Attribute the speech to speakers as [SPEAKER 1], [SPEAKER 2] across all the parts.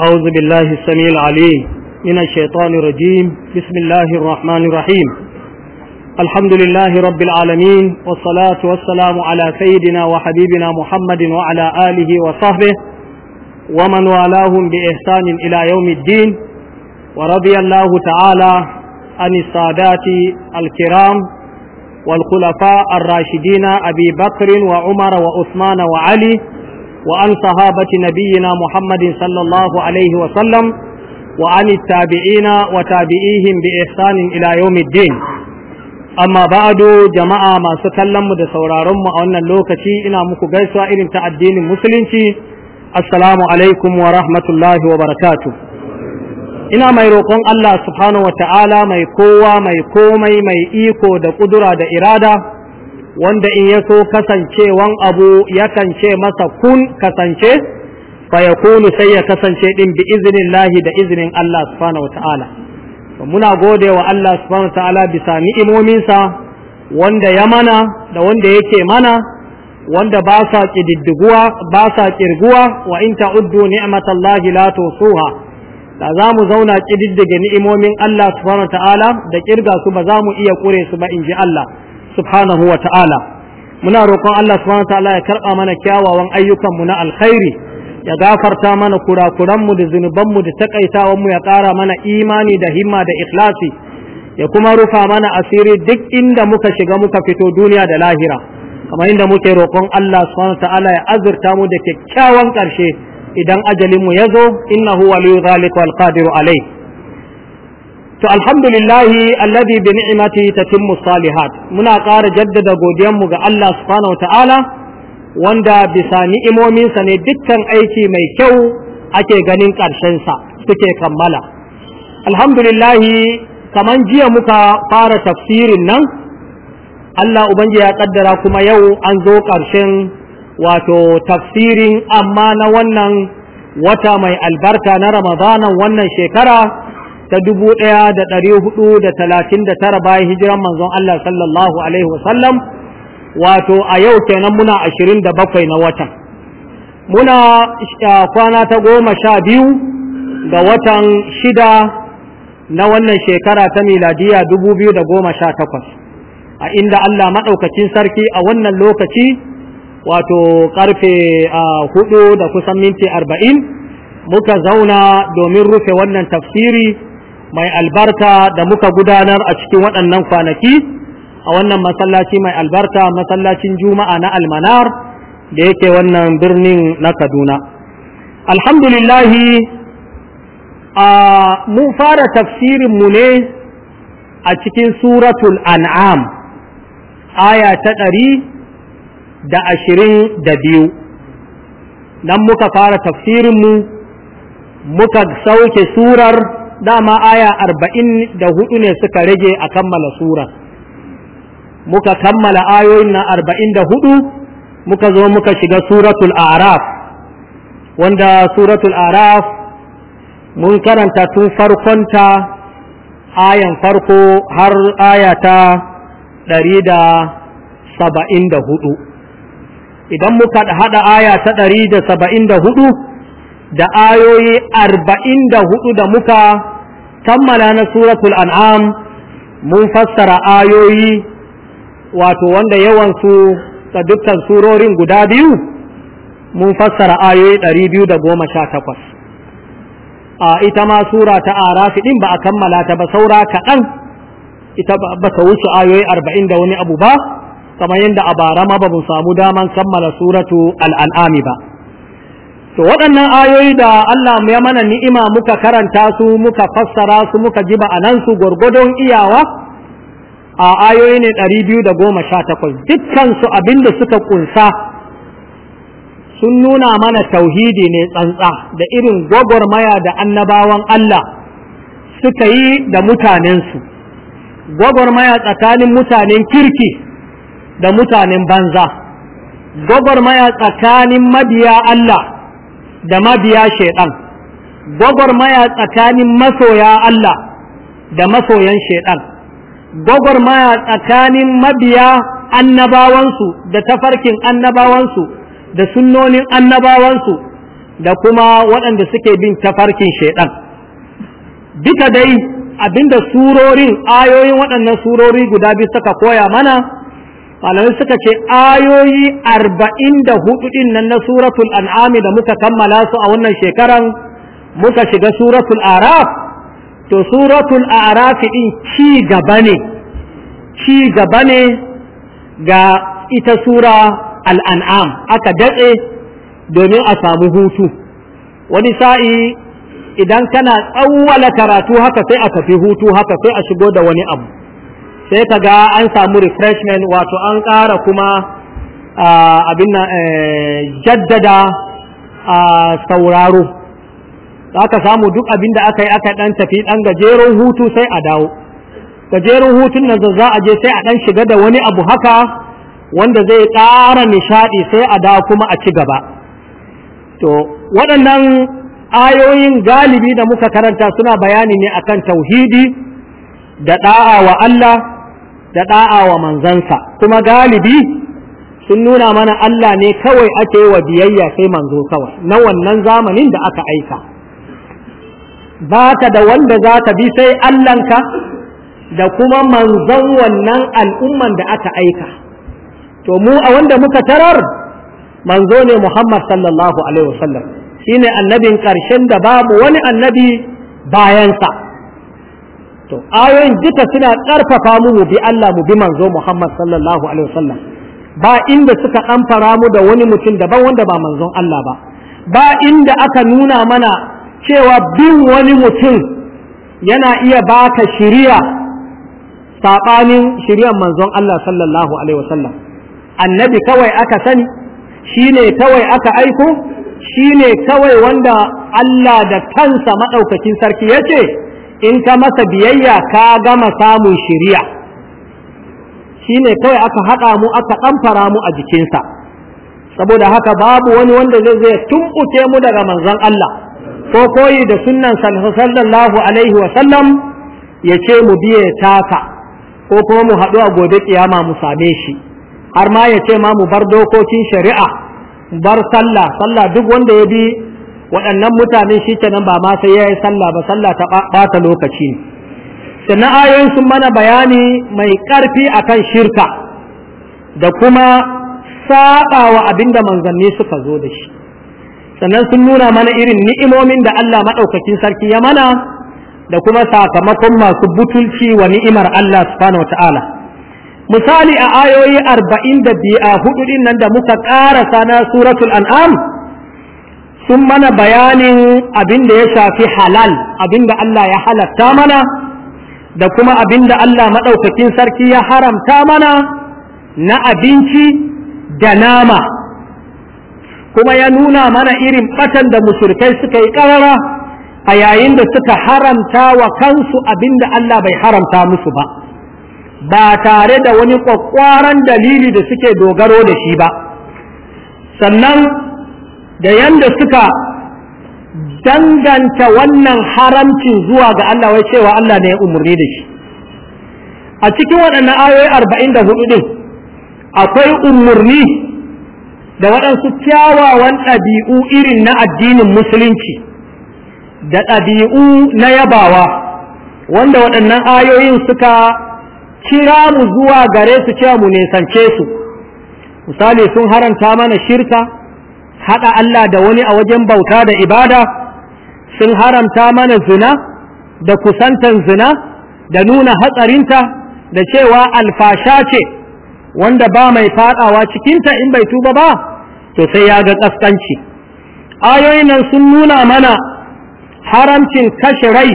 [SPEAKER 1] أعوذ بالله السميع العليم من الشيطان الرجيم بسم الله الرحمن الرحيم الحمد لله رب العالمين والصلاة والسلام على سيدنا وحبيبنا محمد وعلى آله وصحبه ومن والاهم بإحسان إلى يوم الدين ورضي الله تعالى عن السادات الكرام والخلفاء الراشدين أبي بكر وعمر وعثمان وعلي وعن صحابة نبينا محمد صلى الله عليه وسلم وعن التابعين وتابعيهم بإحسان إلى يوم الدين أما بعد جماعة ما سكلم دسورارم وأن اللوكتي إنا مكبسوا إلم تعدين المسلمين السلام عليكم ورحمة الله وبركاته ina mai roƙon Allah subhanahu wa ta'ala mai kowa mai komai mai iko da ƙudura da irada wanda in ya so kasancewan abu yakan ce masa kun kasance kunu sai ya kasance din bi izinin lahi da izinin Allah subhanahu to muna gode wa Allah subhanahu bisa ni'imominsa wanda ya mana da wanda yake mana wanda ba sa kididdiguwa ba sa kirguwa wa in ta'uddu ni'matallahi la tusuha da za mu zauna kididdige ni'imomin Allah subhanahu wata'ala da kirga su ba za mu iya kure su ba in ji Allah subhanahu wa ta'ala muna roƙon Allah subhanahu wa ta'ala ya karɓa mana kyawawan ayyukan mu na alkhairi ya gafarta mana kurakuran mu da zunuban mu da takaitawan mu ya ƙara mana imani da himma da ikhlasi ya kuma rufa mana asiri duk inda muka shiga muka fito duniya da lahira kamar inda muke roƙon Allah subhanahu wa ta'ala ya azurta mu da kyakkyawan ƙarshe idan ajalinmu ya zo innahu waliyu zalika wal qadiru alayh to alhamdulillahi alladhi bi ni'mati tatimmu salihat muna ƙara jaddada godiyan mu ga Allah subhanahu ta'ala wanda bisa ni'imominsa ne dukkan aiki mai kyau ake ganin ƙarshen sa suke kammala alhamdulillahi kaman jiya muka fara tafsirin nan Allah ubangi ya kaddara kuma yau an zo ƙarshen wato tafsirin amma na wannan wata mai albarka na ramadanan wannan shekara ta dubu ɗaya da ɗari hudu da talatin da tara bayan hijiran manzon Allah sallallahu alaihi wasallam wato a yau kenan muna ashirin da bakwai na watan muna kwana ta goma sha biyu ga watan shida na wannan shekara ta miladiya dubu biyu da goma sha takwas a inda Allah maɗaukacin sarki a wannan lokaci wato ƙarfe hudu da kusan minti arba'in muka zauna domin rufe wannan tafsiri mai albarka da muka gudanar a cikin waɗannan kwanaki a wannan masallaci mai albarka masallacin juma'a na almanar da yake wannan birnin na kaduna alhamdulillahi a mun fara tafsirin mu ne a cikin suratul an'am aya ta ɗari da ashirin da biyu nan muka fara tafsirin mu, muka sauke surar dama aya arba'in da hudu ne suka rage a kammala sura muka kammala ayoyin na arba'in da hudu muka zo muka shiga suratul araf wanda suratul araf mun karanta tun farkonta ayan farko har ayata ɗari da saba'in da hudu idan muka haɗa aya ta ɗari da saba'in da hudu da ayoyi arba'in da hudu da muka kammala na suratul an'am mun fassara ayoyi wato wanda yawansu da dukkan surorin guda biyu mun fassara ayoyi ɗari biyu da goma sha takwas a ita ma sura ta arafi ɗin ba a kammala ta ba saura kaɗan ita ba ta wuce ayoyi arba'in da wani abu ba kamar yadda a bara ma ba mu samu daman kammala suratu al'an'ami ba to waɗannan ayoyi da Allah ya mana ni'ima muka karanta su muka fassara su muka ji ba'anan su gwargwadon iyawa a ayoyi ne ɗari biyu da goma sha dukkansu abin suka ƙunsa sun nuna mana tauhidi ne tsantsa da irin gwagwarmaya da annabawan Allah suka yi da mutanensu gwagwarmaya tsakanin mutanen kirki da mutanen banza gwagwarmaya tsakanin mabiya Allah da mabiya shaidan gwagwarmaya tsakanin masoya Allah da masoyan shaidan gwagwarmaya tsakanin mabiya annabawansu da tafarkin annabawansu da sunnonin annabawansu da kuma waɗanda suke bin tafarkin shaidan duka dai abinda surorin ayoyin waɗannan surori guda biyu suka koya mana malamai suka ce ayoyi arba'in da hudu din nan na suratul an'ami da muka kammala su a wannan shekaran muka shiga suratul araf to suratul araf din ci gaba ne ci gaba ne ga ita sura al'an'am aka datse domin a samu hutu wani sa'i idan kana tsawwala karatu haka sai a tafi hutu haka sai a shigo da wani abu sai ka ga an samu refreshment wato an ƙara kuma abin na eh, jaddada sauraro za ka samu duk abin da aka yi aka ɗan tafi ɗan gajeren hutu sai a dawo gajeren hutun nan za a je sai a ɗan shiga da wani abu haka wanda zai ƙara nishaɗi sai a dawo kuma a ci gaba to waɗannan ayoyin galibi da muka karanta suna bayani ne akan tauhidi da ɗa'a wa Allah da da'a wa manzansa kuma galibi sun nuna mana Allah ne kawai ake wa biyayya sai manzo kawai na wannan zamanin da aka aika ba ka da wanda za ka bi sai Allahnka da kuma manzon wannan al'umman da aka aika to mu a wanda muka tarar manzo ne Muhammad sallallahu alaihi wasallam shine annabin ƙarshen da babu wani annabi bayansa to ayoyin duka suna ƙarfafa mu mu bi Allah mu bi manzo Muhammad sallallahu alaihi wasallam ba inda suka amfara mu da wani mutum daban wanda ba manzon Allah ba ba inda aka nuna mana cewa bin wani mutum yana iya baka shiriya sabanin shiriyar manzon Allah sallallahu alaihi wasallam annabi kawai aka sani shine kawai aka aiko shine kawai wanda Allah da kansa madaukakin sarki yace in ka masa biyayya ka gama samun shiriya Shi ne kawai aka haɗa mu aka ɗamfara mu a jikinsa saboda haka babu wani wanda zai zai tumɓuke mu daga manzon Allah ko koyi da sunan sallallahu alaihi wa sallam ya ce mu biya ya taka ko kuma mu haɗu a gobe kiyama mu same shi har ma ya ce ma mu bar dokokin shari'a bar sallah sallah duk wanda ya bi waɗannan mutane shi nan ba ma sai ya yi sallah ba sallah ta ɓata lokaci ne sannan ayoyin sun mana bayani mai ƙarfi a kan shirka da kuma saɓawa abinda manzanni suka zo da shi sannan sun nuna mana irin ni'imomin da Allah maɗaukakin sarki ya mana da kuma sakamakon masu butulci wa ni'imar Allah subhanahu wa ta'ala misali a ayoyi arba'in da biyu a hudu nan da muka ƙarasa na suratul an'am sun mana bayanin abin da ya shafi halal abin da Allah ya halatta mana da kuma abin da Allah maɗaukakin sarki ya haramta mana na abinci da nama kuma ya nuna mana irin ɓatan da musulkai suka yi ƙarara a yayin da suka haramta wa kansu abin da Allah bai haramta musu ba ba tare da wani ƙwaƙƙwaran dalili da suke dogaro da shi ba sannan da yanda suka danganta wannan haramcin zuwa ga Allah wai cewa Allah ne ya umarni da shi a cikin waɗannan ayoyi arba'in da hudu ɗin akwai umarni da waɗansu kyawawan ɗabi'u irin na addinin musulunci da ɗabi'u na yabawa wanda waɗannan ayoyin suka kira mu zuwa gare su cewa mu nisance su misali sun haranta mana shirka haɗa Allah da wani a wajen bauta da ibada sun haramta mana zina da kusantan zina da nuna hatsarinta da cewa alfasha ce wanda ba mai faɗawa cikinta in bai tuba ba to sai ya ga ƙasƙanci ayoyin nan sun nuna mana haramcin kashe rai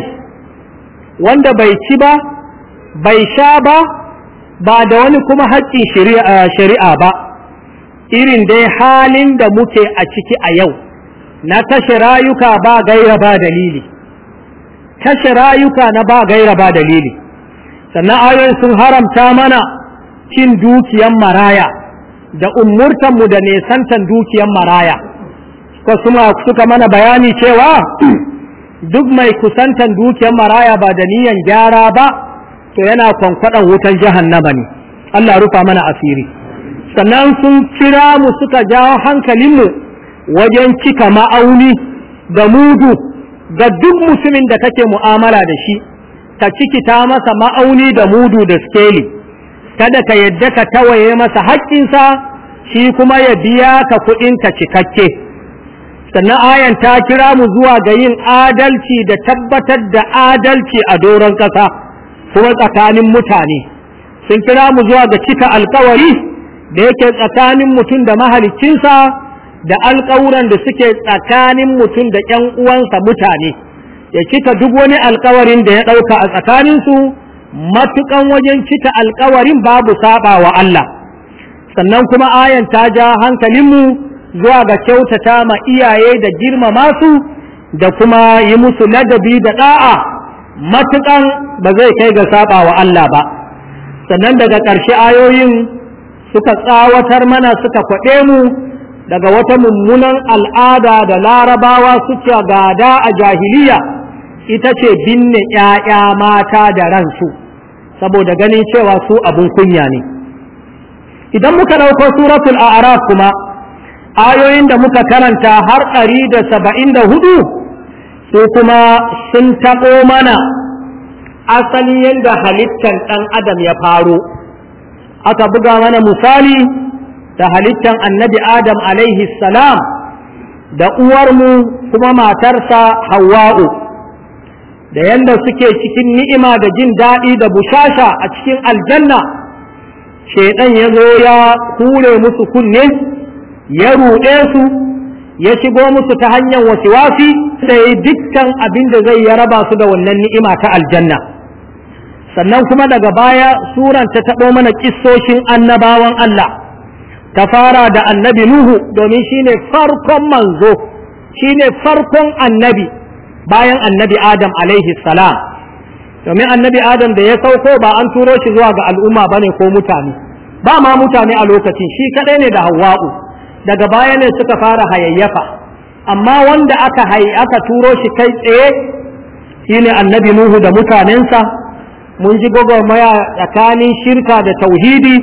[SPEAKER 1] wanda bai ci ba bai sha ba ba da wani kuma haƙƙin shari'a ba irin dai halin da muke a ciki a yau na kashe rayuka ba gaira ba dalili kashe rayuka na ba gaira ba dalili sannan ayoyin sun haramta mana cin dukiyan maraya da umurtanmu da nesantan dukiyan maraya ko suka mana bayani cewa duk mai kusantan dukiyan maraya ba da niyan gyara ba to yana kwankwadan wutan jahannama ne Allah rufa mana asiri sannan sun kira mu suka jawo hankalinmu wajen cika ma'auni da mudu ga duk mutumin da kake mu'amala da shi ka ta masa ma'auni da mudu da skeli kada ka yadda ka tawaye masa haƙƙinsa shi kuma ya biya ka kuɗinka cikakke sannan ayan ta kira mu zuwa ga yin adalci da tabbatar da adalci a doron ƙasa kuma tsakanin mutane sun kira mu zuwa ga cika alkawari da yake tsakanin mutum da mahalicinsa da alƙawuran da suke tsakanin mutum da ƴan uwansa mutane ya cika duk wani alkawarin da ya ɗauka a tsakaninsu matuƙan wajen cika alkawarin babu saɓa wa Allah sannan kuma ayan ta ja hankalinmu zuwa ga kyautata ma iyaye da girmama su da kuma yi musu ladabi da ɗa'a matuƙan ba zai kai ga saɓa wa Allah ba sannan daga ƙarshe ayoyin suka tsawatar mana suka kwaɗe mu daga wata mummunan al'ada da larabawa suke gada a jahiliya ita ce binne ‘ya'ya mata da ransu saboda ganin cewa su abin kunya ne idan muka ɗauko suratul a'raf kuma ayoyin da muka karanta har ɗari da saba'in da hudu su kuma sun taɓo mana asali yadda halittar ɗan adam ya faru. aka buga mana misali da halittan annabi adam alaihi salam da uwarmu kuma matarsa hawa'u da yadda suke cikin ni'ima da jin daɗi da bushasha a cikin aljanna shaidan ya zo ya kule musu kunne ya ruɗe su ya shigo musu ta hanyar wasiwasi sai dukkan abin da zai ya raba su da wannan ni'ima ta aljanna sannan kuma daga baya suran ta taɓo mana kissoshin annabawan Allah ta fara da annabi Nuhu domin shi ne farkon manzo shi ne farkon annabi bayan annabi Adam alaihi salam domin annabi Adam da ya sauko ba an turo shi zuwa ga al'umma ba ne ko mutane ba ma mutane a lokacin shi kaɗai ne da hawa'u daga baya ne suka fara hayayyafa amma wanda aka aka turo shi kai tsaye shi ne annabi Nuhu da mutanensa mun ji gwagwarmaya tsakanin shirka da tauhidi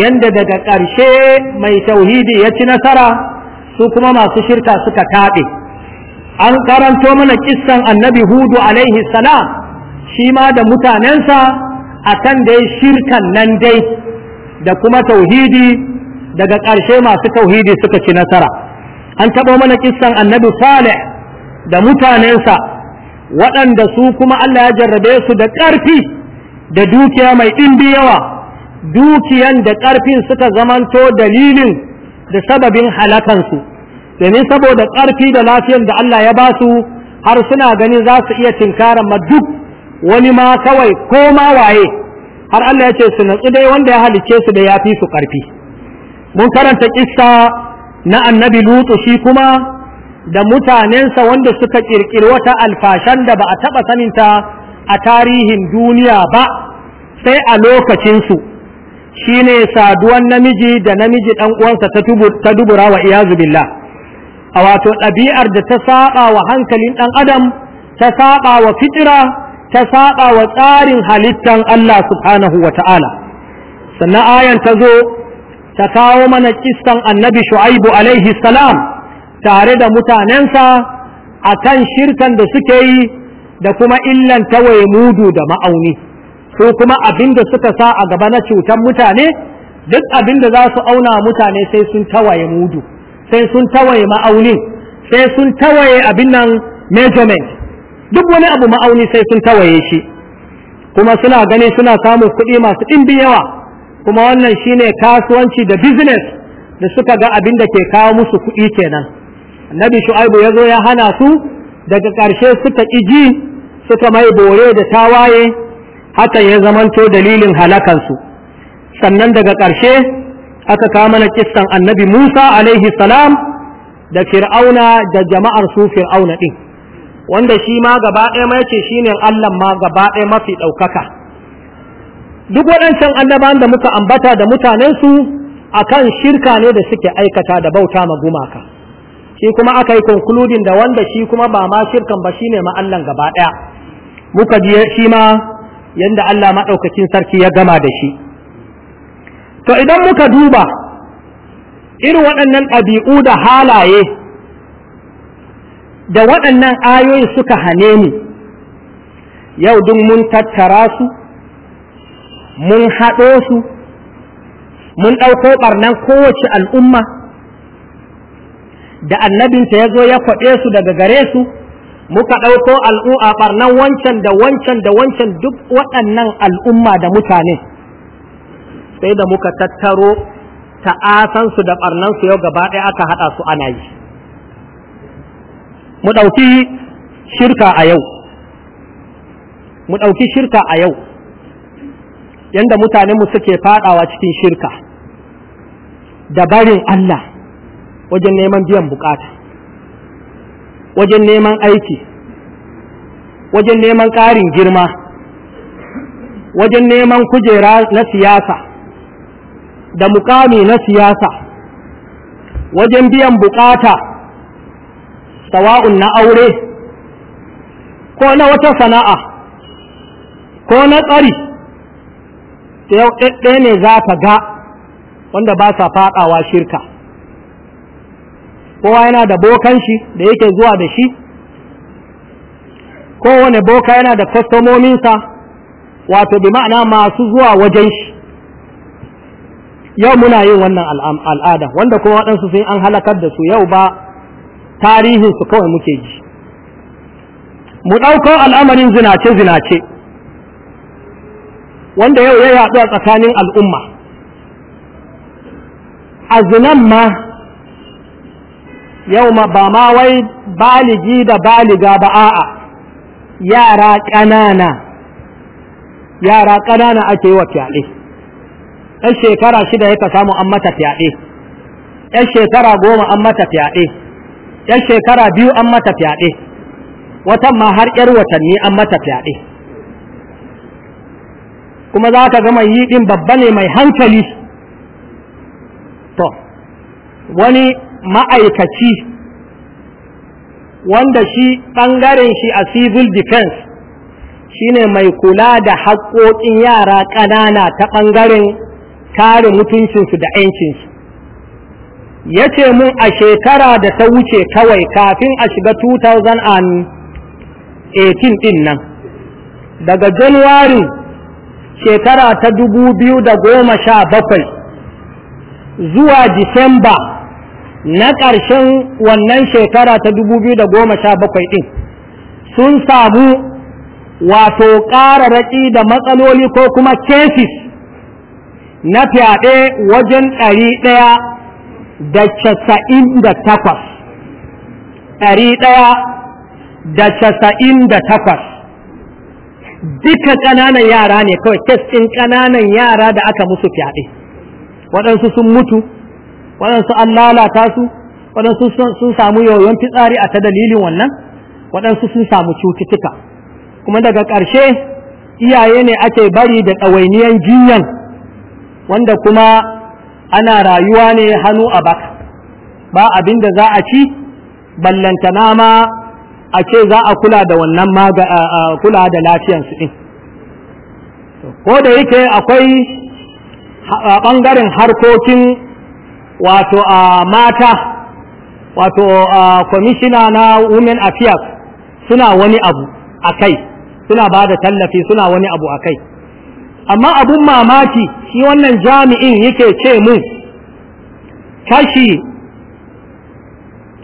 [SPEAKER 1] yanda daga ƙarshe mai tauhidi ya ci nasara su kuma masu shirka suka kaɗe an karanto mana kissan annabi hudu alaihi salam shi ma da mutanensa a kan dai shirkan nan dai da kuma tauhidi daga ƙarshe masu tauhidi suka ci nasara an taɓo mana kissan annabi salih da mutanensa waɗanda su kuma Allah ya jarrabe su da ƙarfi da dukiya mai ɗimbi yawa dukiyan da ƙarfin suka zamanto dalilin da sababin halakansu domin saboda ƙarfi da lafiyar da Allah ya ba su har suna ganin za su iya tinkara ma duk wani ma kawai ko ma waye har Allah ya ce su natsu dai wanda ya halicce su da ya fi su ƙarfi mun karanta kissa na annabi lutu shi kuma da mutanensa wanda suka ƙirƙiri wata alfashan da ba a taɓa saninta a tarihin duniya ba sai a lokacinsu shine saduwan namiji da namiji ɗan uwansa ta dubura wa iyazu a wato ɗabi'ar da ta saba wa hankalin ɗan adam ta saba wa fitira ta saba wa tsarin halittan Allah subhanahu wa ta'ala sannan ayan ta zo ta kawo mana kistan annabi shu'aibu alaihi salam tare da mutanensa a kan shirkan da suke yi da kuma illan tawaye mudu da ma'auni su kuma abin da suka sa a gaba na cutar mutane duk abin da za su auna mutane sai sun tawaye mudu sai sun tawaye ma'auni sai sun tawaye abin nan measurement duk wani abu ma'auni sai sun tawaye shi kuma suna gani suna samun kuɗi masu ɗimbin yawa kuma wannan shine kasuwanci da business da suka ga abin da ke kawo musu kuɗi kenan nabi shu'aibu ya zo ya hana su daga ƙarshe suka iji suka mai bore da tawaye hakan ya zamanto dalilin halakansu sannan daga ƙarshe aka kama na kissan annabi Musa alaihi salam da fir'auna da jama'ar su fir'auna din wanda shi ma gaba ɗaya mai ce shine Allah ma gaba ɗaya mafi ɗaukaka duk waɗancan annabawan da muka ambata da mutanen su akan shirka ne da suke aikata da bauta ma gumaka shi kuma aka yi konkludin da wanda shi kuma ba ma shirkan ba shine ma Allah gaba ɗaya muka ji shi ma yadda Allah maɗaukacin sarki ya gama da shi to idan muka duba irin waɗannan ɗabi'u da halaye da waɗannan ayoyi suka hane ni, yau duk mun tattara su mun haɗo su mun ɗauko ɓarnan kowace al'umma da annabinta ya zo ya kwaɗe su daga gare su muka ɗauko al'u'a ɓarnan wancan da wancan da wancan duk waɗannan al'umma da mutane sai da muka tattaro ta'asansu da ɓarnansu yau gaba ɗaya aka haɗa su ana yi mu ɗauki shirka a yau mu ɗauki shirka a yau yadda mutanenmu suke faɗawa cikin shirka da barin Allah wajen neman biyan bukata wajen neman aiki wajen neman ƙarin girma wajen neman kujera na siyasa da mukami na siyasa wajen biyan bukata sawa'un na aure ko na wata sana'a ko na tsari yau ɗaya ne za ka ga wanda ba sa faɗawa shirka kowa yana da bokan shi da yake zuwa da shi kowane boka yana da kwastomominsa wato bi ma'ana masu zuwa wajen shi yau muna yin wannan al'ada wanda kuma waɗansu sun an halakar da su yau ba tarihin su kawai muke ji mu ɗauko al'amarin zinace-zinace wanda yau ya yaɗu a tsakanin al'umma a zinan ma yau ma ba ma wai baligi da baliga ba a'a yara ƙanana yara ƙanana ake yi wa fyaɗe ɗan shekara shida ya ka samu an mata fyaɗe ɗan shekara goma an mata fyaɗe ɗan shekara biyu an mata fyaɗe watan ma har ƴar watanni an mata fyaɗe kuma za ka gama yi ɗin babba ne mai hankali to wani ma'aikaci wanda shi ɓangaren shi a civil defense shine mai kula da haƙoƙin yara ƙanana ta ɓangaren kare mutuncinsu da 'yancinsu ya ce mun a shekara da ta wuce kawai kafin a shiga 2018 ɗin nan daga januwarin shekara ta dubu biyu da goma sha 2017 zuwa disamba na ƙarshen wannan shekara ta da goma sha 2017 ɗin sun samu wato ƙara raƙi da matsaloli ko kuma cases na fyaɗe wajen ɗari ɗaya da casa'in da takwas ɗari ɗaya da casa'in da takwas duka ƙananan yara ne kawai kes ɗin ƙananan yara da aka musu fyaɗe waɗansu sun mutu waɗansu an lalata su waɗansu sun samu yoyon fitsari a ta dalilin wannan waɗansu sun samu cututtuka kuma daga ƙarshe iyaye ne ake bari da ɗawainiyan jinyan wanda kuma ana rayuwa ne hannu a baka ba abin da za a ci ballanta nama a ce za a kula da wannan kula da lafiyansu ɗin ko da yake akwai ɓangaren harkokin wato a mata wato a kwamishina na women affairs suna wani abu a kai suna ba da tallafi suna wani abu a kai amma abun mamaki shi wannan jami'in yake ce mun kashi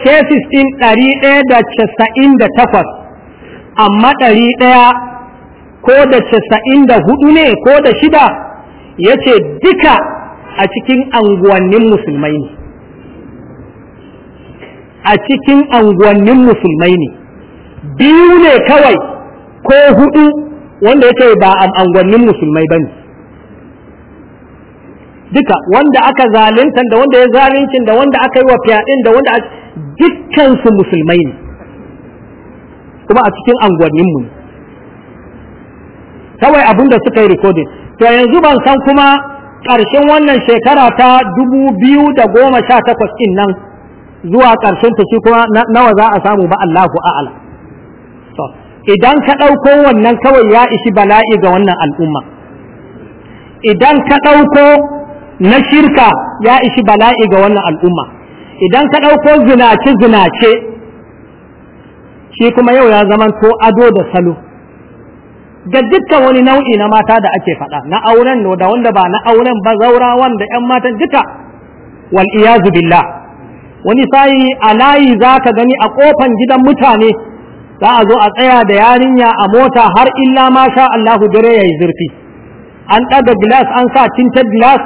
[SPEAKER 1] cases ɗin ɗari ɗaya da casa'in da takwas amma ɗari ɗaya ko da casa'in da hudu ne ko da shida ya ce duka a cikin anguwannin musulmai ne a cikin anguwannin musulmai ne biyu ne kawai ko hudu wanda yake ba a anguwannin musulmai ba ne duka wanda aka zalunta da wanda ya zaluncin da wanda aka yi wa fiyaɗin da wanda dukkansu musulmai ne kuma a cikin anguwanninmu ne kawai abin da suka yi rikodin to yanzu ban san kuma ƙarshen wannan shekara ta dubu biyu da goma sha takwas ɗin nan zuwa ƙarshen ta shi kuma nawa za a samu ba Allahu a'ala so idan ka ɗauko wannan kawai ya ishi bala'i ga wannan al'umma idan ka ɗauko na shirka ya ishi bala'i ga wannan al'umma idan ka ɗauko zinace zinace shi kuma yau ya zama zamanto ado da salo ga dukkan wani nau'i na mata da ake faɗa na auren no da wanda ba na auren ba zaura wanda ƴan matan duka wal iyazu billah wani sai a layi zaka gani a kofan gidan mutane za a zo a tsaya da yarinya a mota har illa ma sha Allahu dare yayi zurfi an ɗaga glass an sa tinted glass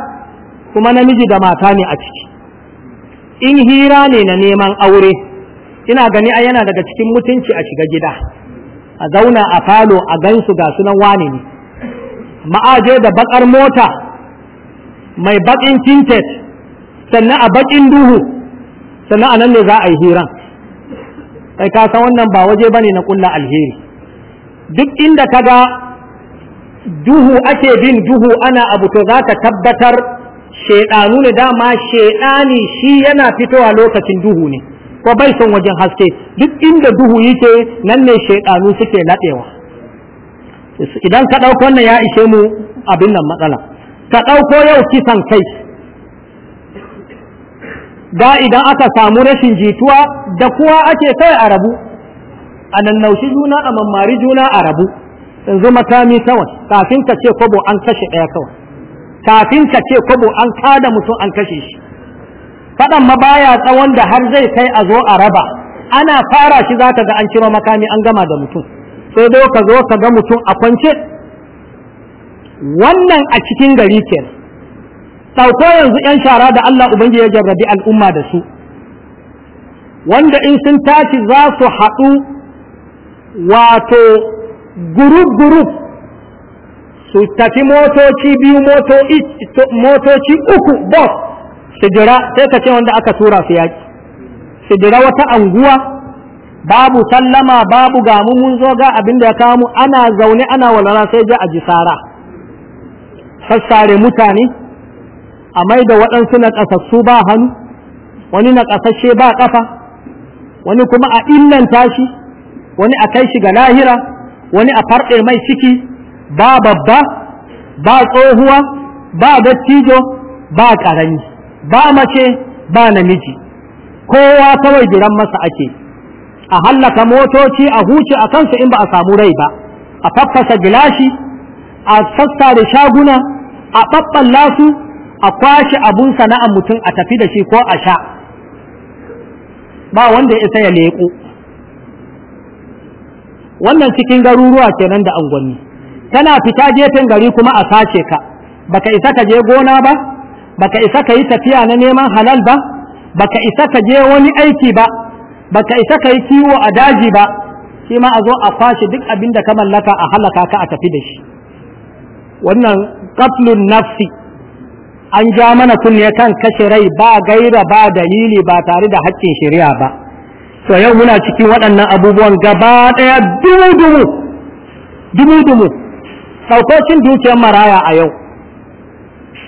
[SPEAKER 1] kuma namiji da mata ne a ciki in hira ne na neman aure ina gani a yana daga cikin mutunci a shiga gida a zauna a falo a gan su ga sunan wane ne ma'aje da bakar mota mai bakin tintet sannan a bakin duhu sannan a nan ne za a yi hiran kai ka san wannan ba waje bane na kulla alheri duk inda ka ga duhu ake bin duhu ana abu to za ka tabbatar shaidanu ne dama shaidani shi yana fitowa lokacin duhu ne ko bai son wajen haske duk inda duhu yake nan ne shekaru suke laɗewa idan ka ɗauko wannan ya ishe mu abin nan matsala ka ɗauko yau kisan kai da idan aka samu rashin jituwa da kuwa ake kai a rabu a nannaushi juna a mammari juna a rabu yanzu makami kawai kafin ka ce kobo an kashe ɗaya kawai kafin ka ce kobo an kada mutum an kashe shi faɗan ma baya tsawon da har zai kai a zo a raba ana fara shi za ga an ciro makami an gama da mutum sai dai ka zo ka ga mutum a kwance wannan a cikin gari ke sauko yanzu 'yan shara da Allah Ubangiji ya jarrabi al'umma da su wanda in sun tashi za su haɗu wato gurub-gurub su tafi motoci biyu motoci uku bus shijira sai ka ce wanda aka tura su yaƙi shijira wata anguwa babu sallama babu gamu mun zo ga abin da ya kawo mu ana zaune ana walwala sai ji a jisara sassare mutane a mai da waɗansu na ƙasassu ba hannu wani na ƙasashe ba ƙafa wani kuma a illanta shi wani a kai shi ga lahira wani a farɗe mai ciki ba babba ba tsohuwa ba dattijo ba ƙarami ba mace ba namiji kowa kawai jiran masa ake a hallaka motoci a huce a kansu in ba a samu rai ba a faffasa gilashi a sassa da shaguna a ɓaɓɓalla su a kwashe abun sana'ar mutum a tafi da shi ko a sha ba wanda ya isa ya leƙo wannan cikin garuruwa kenan da unguwanni. Tana fita gefen gari kuma a sace ka baka isa ka je gona ba baka isa ka yi tafiya na neman halal ba baka isa ka je wani aiki ba baka isa ka yi kiwo a daji ba shi ma a zo a kwashe duk abin da ka mallaka a halaka ka a tafi da shi wannan qatlun nafsi an ja mana kunne kan kashe rai ba gaira ba dalili ba tare da haƙƙin shari'a ba to yau muna cikin waɗannan abubuwan gaba ɗaya dumu dumu dumu dukiyar maraya a yau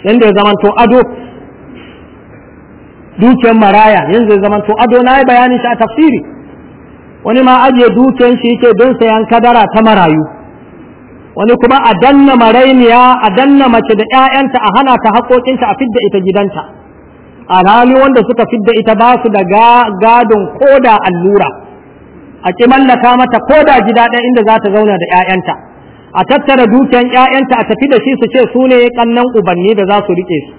[SPEAKER 1] yanda ya zamanto ado dukiyar maraya yanzu ya zamanto ado na yi bayanin shi a tafsiri wani ma ajiye dukiyar shi yake don sayan kadara ta marayu wani kuma a danna marainiya a danna mace da 'ya'yanta a hana ta haƙoƙinta a fidda ita gidanta a rami wanda suka fidda ita ba su da gadon koda allura a ƙi mallaka mata koda gida ɗaya inda za ta zauna da 'ya'yanta a tattara dukiyan ƴaƴanta a tafi da shi su ce su ne kannan ubanni da za su rike su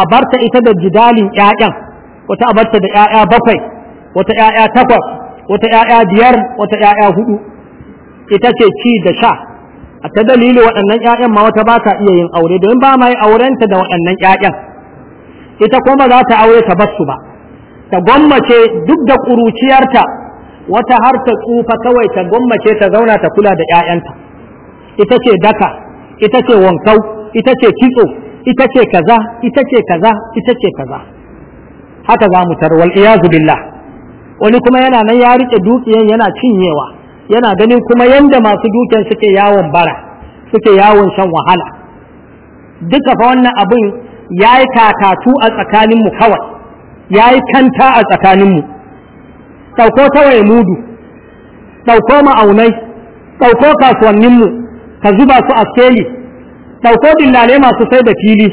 [SPEAKER 1] a barta ita da jidalin ƴaƴan wata a barta da ƴaƴa bakwai wata ƴaƴa takwas wata ƴaƴa biyar wata ƴaƴa hudu ita ce ci da sha a ta dalili waɗannan ƴaƴan ma wata ba ta iya yin aure domin ba ma yi aurenta da waɗannan ƴaƴan ita kuma za ta aure ta su ba ta gwammace duk da ƙuruciyarta wata har ta tsufa kawai ta gwammace ta zauna ta kula da ƴaƴanta ita ce daka ita ce wankau ita ce kitso ita ce kaza ita ce kaza ita ce kaza haka za mu tarwal iyazu billah wani kuma yana nan ya rike dukiyan yana cinyewa yana ganin kuma yanda masu dukiyan suke yawon bara suke yawon shan wahala duka fa wannan abin ya yi katatu a tsakaninmu kawai yayi yi kanta a mu ɗauko tawaye mudu ɗauko ma'aunai ɗauko kasuwanninmu ka zuba su a ɗauko dillale masu sai da fili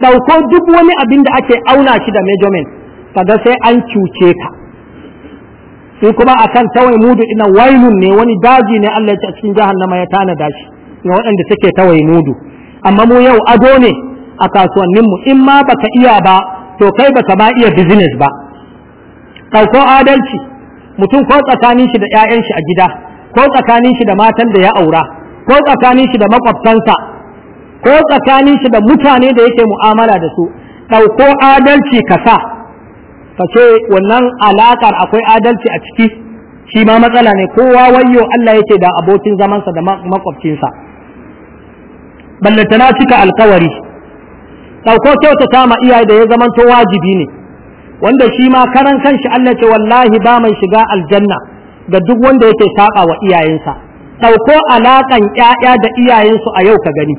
[SPEAKER 1] ɗauko duk wani abin da ake auna shi da measurement kaga sai an cuce ka sai kuma akan tawai mudu ina wainun ne wani daji ne Allah ya cikin jahannama ya tanada shi ga waɗanda suke tawai mudu amma mu yau ado ne a kasuwanninmu in ma baka iya ba to kai baka ba iya business ba ɗauko adalci mutum ko tsakanin shi da 'ya'yan shi a gida ko tsakanin shi da matan da ya aura ko tsakanin shi da makwabtansa ko tsakanin shi da mutane da yake mu'amala da su ɗauko adalci ka sa ka ce wannan alaƙar akwai adalci a ciki shi ma matsala ne kowa wayo Allah yake da abokin zamansa da makwabcinsa ballantana cika alkawari ɗauko ta ma iyaye da ya zamanto wajibi ne wanda shi ma karan kanshi Allah ce wallahi ba mai shiga aljanna ga duk wanda yake saƙa wa iyayensa ɗauko alaƙan ƴaƴa da iyayensu a yau ka gani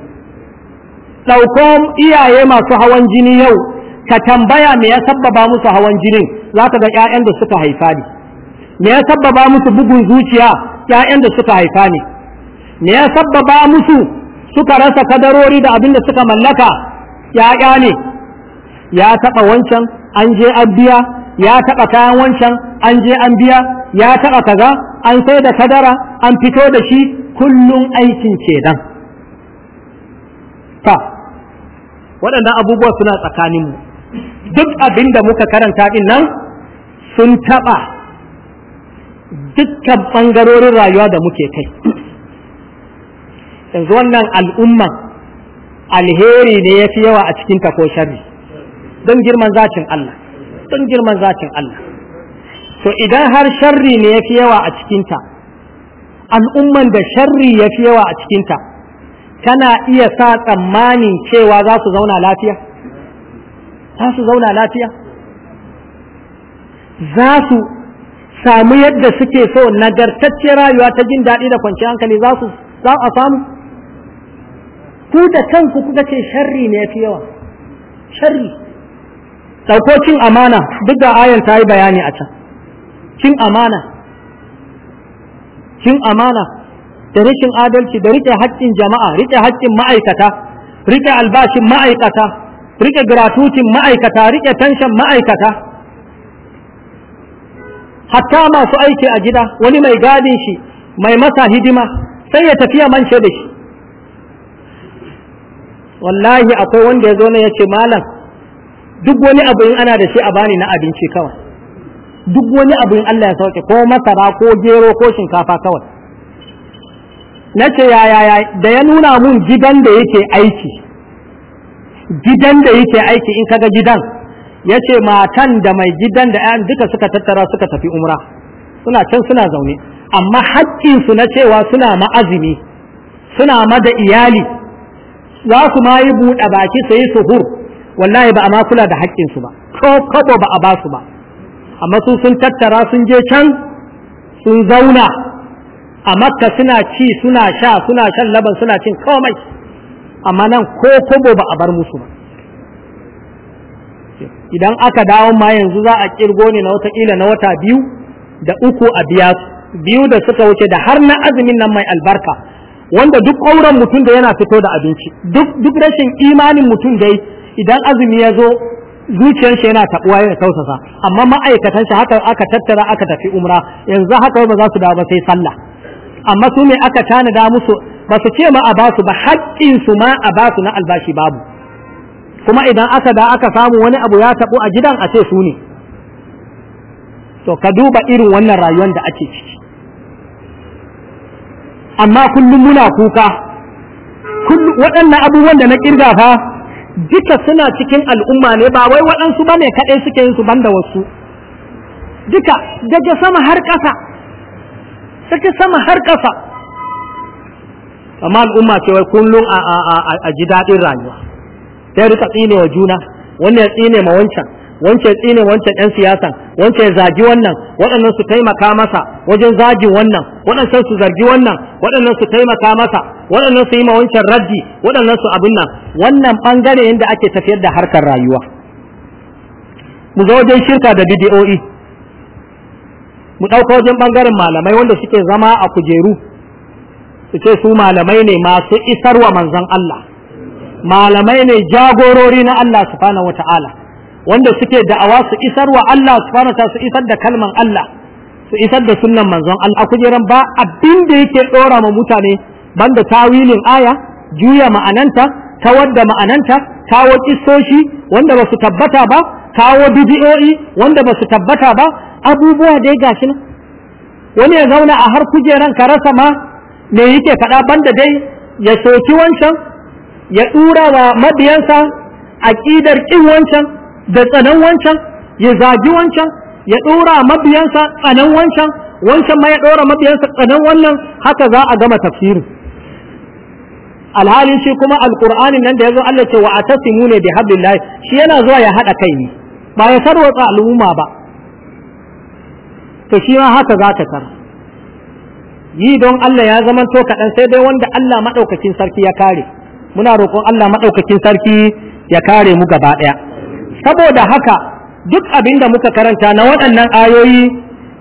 [SPEAKER 1] ɗauko iyaye masu hawan jini yau ka tambaya me ya sabbaba musu hawan jini za ka ga ƴaƴan da suka haifa ne me ya sabbaba musu bugun zuciya ƴaƴan da suka haifa ne me ya sabbaba musu suka rasa kadarori da abin da suka mallaka ƴaƴa ne ya taɓa wancan an je an biya ya taɓa kayan wancan an je an biya ya taɓa kaza an sai da kadara an fito da shi kullum aikin kenan ta waɗannan abubuwa suna tsakaninmu duk abin da muka karanta din nan sun taɓa dukkan ɓangarorin rayuwa da muke kai yanzu wannan al'umma alheri ne ya yawa a cikin ko sharri don girman zacin Allah don girman zacin Allah to idan har sharri ne yafi yawa a cikinta al'umman da sharri yafi yawa a cikinta tana iya sa tsammanin cewa za su zauna lafiya za su zauna lafiya za su samu yadda suke so nagartacciyar rayuwa ta jin daɗi da kwanciyar hankali za su za a samu ku da kanku kuka ce sharri ne yafi yawa sharri ɗauko cin amana duk da ayan ta yi bayani a can cin amana cin amana da rashin adalci da riƙe haƙƙin jama'a riƙe haƙƙin ma'aikata riƙe albashin ma'aikata riƙe gratutin ma'aikata riƙe tanshan ma'aikata hatta masu aiki a gida wani mai gadin shi mai masa hidima sai ya tafiya mance da shi wallahi akwai wanda ya zo na ya ce malam duk wani abu in ana da shi a bani na abinci kawai duk wani abu in Allah ya sauke ko masara ko gero ko shinkafa kawai na ce yaya da ya nuna mun gidan da yake aiki gidan da yake aiki in kaga gidan ya ce matan da mai gidan da 'yan duka suka tattara suka tafi umra suna can suna zaune amma haƙƙinsu na cewa suna ma'azimi suna mada iyali za su ma yi buɗe baki su yi suhur wallahi ba a ma kula da su ba ko kabo ba a ba su ba amma su sun tattara sun je can sun zauna a makka suna ci suna sha suna shan laban suna cin komai amma nan ko kobo ba a bar musu ba idan aka dawo ma yanzu za a kirgo ne na watakila na wata biyu da uku a biya biyu da suka wuce da har na azumin nan mai albarka wanda duk auren mutum da yana fito da abinci duk rashin imanin mutum dai idan azumi ya zo zuciyar shi yana tabuwa ya tausasa amma ma'aikatan shi haka aka tattara aka tafi umra yanzu haka ba za su dawo sai sallah amma su ne aka tanada musu ba su ce ma a ba ba haƙƙin su ma a ba na albashi babu kuma idan aka da aka samu wani abu ya tabu a gidan a ce su ne to ka duba irin wannan rayuwar da ake ciki amma kullum muna kuka waɗannan abubuwan da na ƙirga fa duka suna cikin al'umma ne ba wai waɗansu ba ne kaɗai suke yin su banda wasu duka daga sama har ƙasa suke sama har ƙasa amma al'umma ce wai kullum a ji daɗin rayuwa sai rika tsinewa juna wannan ya tsine ma wancan wancan tsinin wancan ɗan siyasan wancan zagi wannan waɗannan su taimaka masa wajen zagin wannan waɗannan su zargi wannan waɗannan su taimaka masa waɗannan su yi ma wancan raddi waɗannan su abin nan wannan ɓangare yadda ake tafiyar da harkar rayuwa mu zo wajen shirka da bidiyo'i mu ɗauka wajen ɓangaren malamai wanda suke zama a kujeru su ce su malamai ne masu isarwa manzon Allah malamai ne jagorori na Allah subhanahu wata'ala wanda suke da'awa su isar wa Allah subhanahu ta su isar da kalman Allah su isar da sunnan manzon Allah kujeran ba abin da yake dora ma mutane banda tawilin aya juya ma'ananta kawar da ma'ananta kawo kissoshi wanda ba su tabbata ba kawo bidiyoyi wanda ba su tabbata ba abubuwa dai gashi nan wani ya zauna a har kujeran ka rasa ma me yake faɗa banda dai ya soki wancan ya ɗura wa mabiyansa aƙidar kin wancan da tsanan wancan ya zagi wancan ya ɗora mabiyansa tsanan wancan wancan ma ya ɗora mabiyansa tsanan wannan haka za a gama tafsirin alhali shi kuma alƙur'anin nan da ya zo Allah ce wa ne bi hablillahi shi yana zuwa ya haɗa kai ne ba ya tarwatsa al'umma ba to shi ma haka za ta kar yi don Allah ya zama to kaɗan sai dai wanda Allah maɗaukakin sarki ya kare muna roƙon Allah maɗaukakin sarki ya kare mu gaba ɗaya saboda haka duk abin da muka karanta na waɗannan ayoyi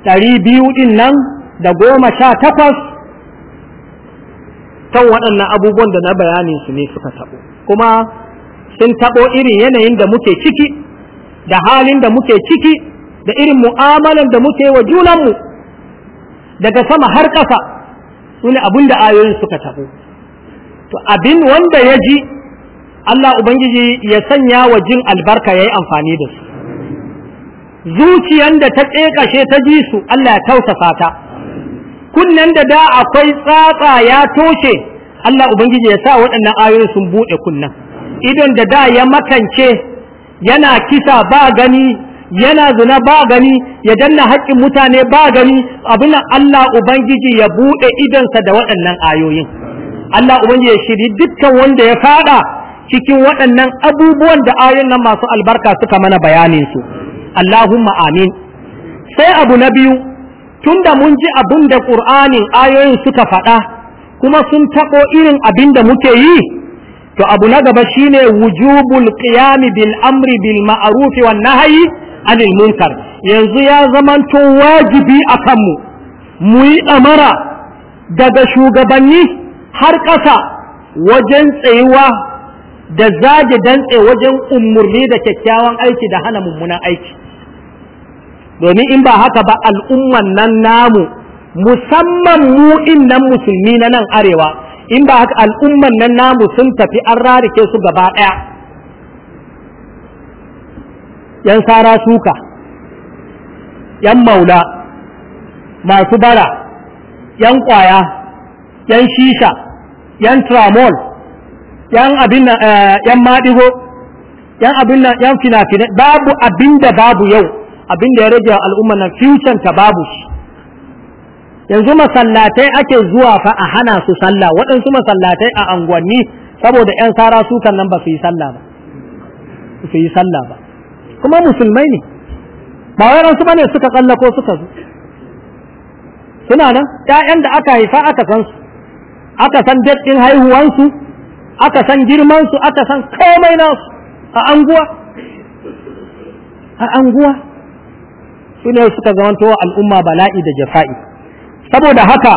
[SPEAKER 1] ɗari biyu ɗin nan da goma sha takwas kan waɗannan abubuwan da na bayanin su ne suka taɓo kuma sun taɓo irin yanayin da muke ciki da halin da muke ciki da irin mu'amalan da muke wa junanmu daga sama har ƙasa su ne abin da ayoyin suka taɓo to abin wanda ya ji Allah Ubangiji ya sanya wa jin albarka ya yi amfani da su. Zuciyan da ta tsekashe ta ji su Allah ya tausasa ta. Kunnen da da akwai tsatsa ya toshe Allah Ubangiji ya sa waɗannan ayoyin sun buɗe kunnen. Idan da da ya makance yana kisa ba gani yana zina ba gani ya danna haƙƙin mutane ba gani abin Allah Ubangiji ya buɗe idonsa da waɗannan ayoyin. Allah Ubangiji ya shiri dukkan wanda ya faɗa cikin waɗannan abubuwan da ayoyin nan masu albarka suka mana bayanin su Allahumma amin sai abu na biyu tunda mun ji abin da Qur'anin ayoyin suka faɗa kuma sun taɓo irin abin da muke yi to abu na gaba shine wujubul qiyami bil amri bil ma'ruf wan nahyi anil munkar yanzu ya zamanto wajibi a kanmu. mu yi amara daga shugabanni har ƙasa wajen tsayuwa da zage dantse wajen umurni da kyakkyawan aiki da hana mummunan aiki domin in ba haka ba al'umman nan namu musamman mu nan musulmi na nan arewa in ba haka al'umman nan namu sun tafi an rarike su gaba ɗaya yan sara suka yan maula masu bara yan kwaya yan shisha yan tramol yan abin nan eh, yan maɗigo yan abin nan yan fina-finai babu abin da babu yau abin da ya rage al'umma nan future ta babu yanzu masallatai ake zuwa fa a hana su sallah waɗansu masallatai a angwanni saboda 'yan sara sukan nan ba su yi sallah ba su yi sallah ba kuma musulmai ne ba wai ransu bane suka tsallako suka zo suna nan ƴaƴan da aka haifa aka san su aka san date haihuwansu aka san girmansu aka san komai nasu a anguwa a anguwa su ne suka zamanto al'umma bala'i da jafa'i saboda haka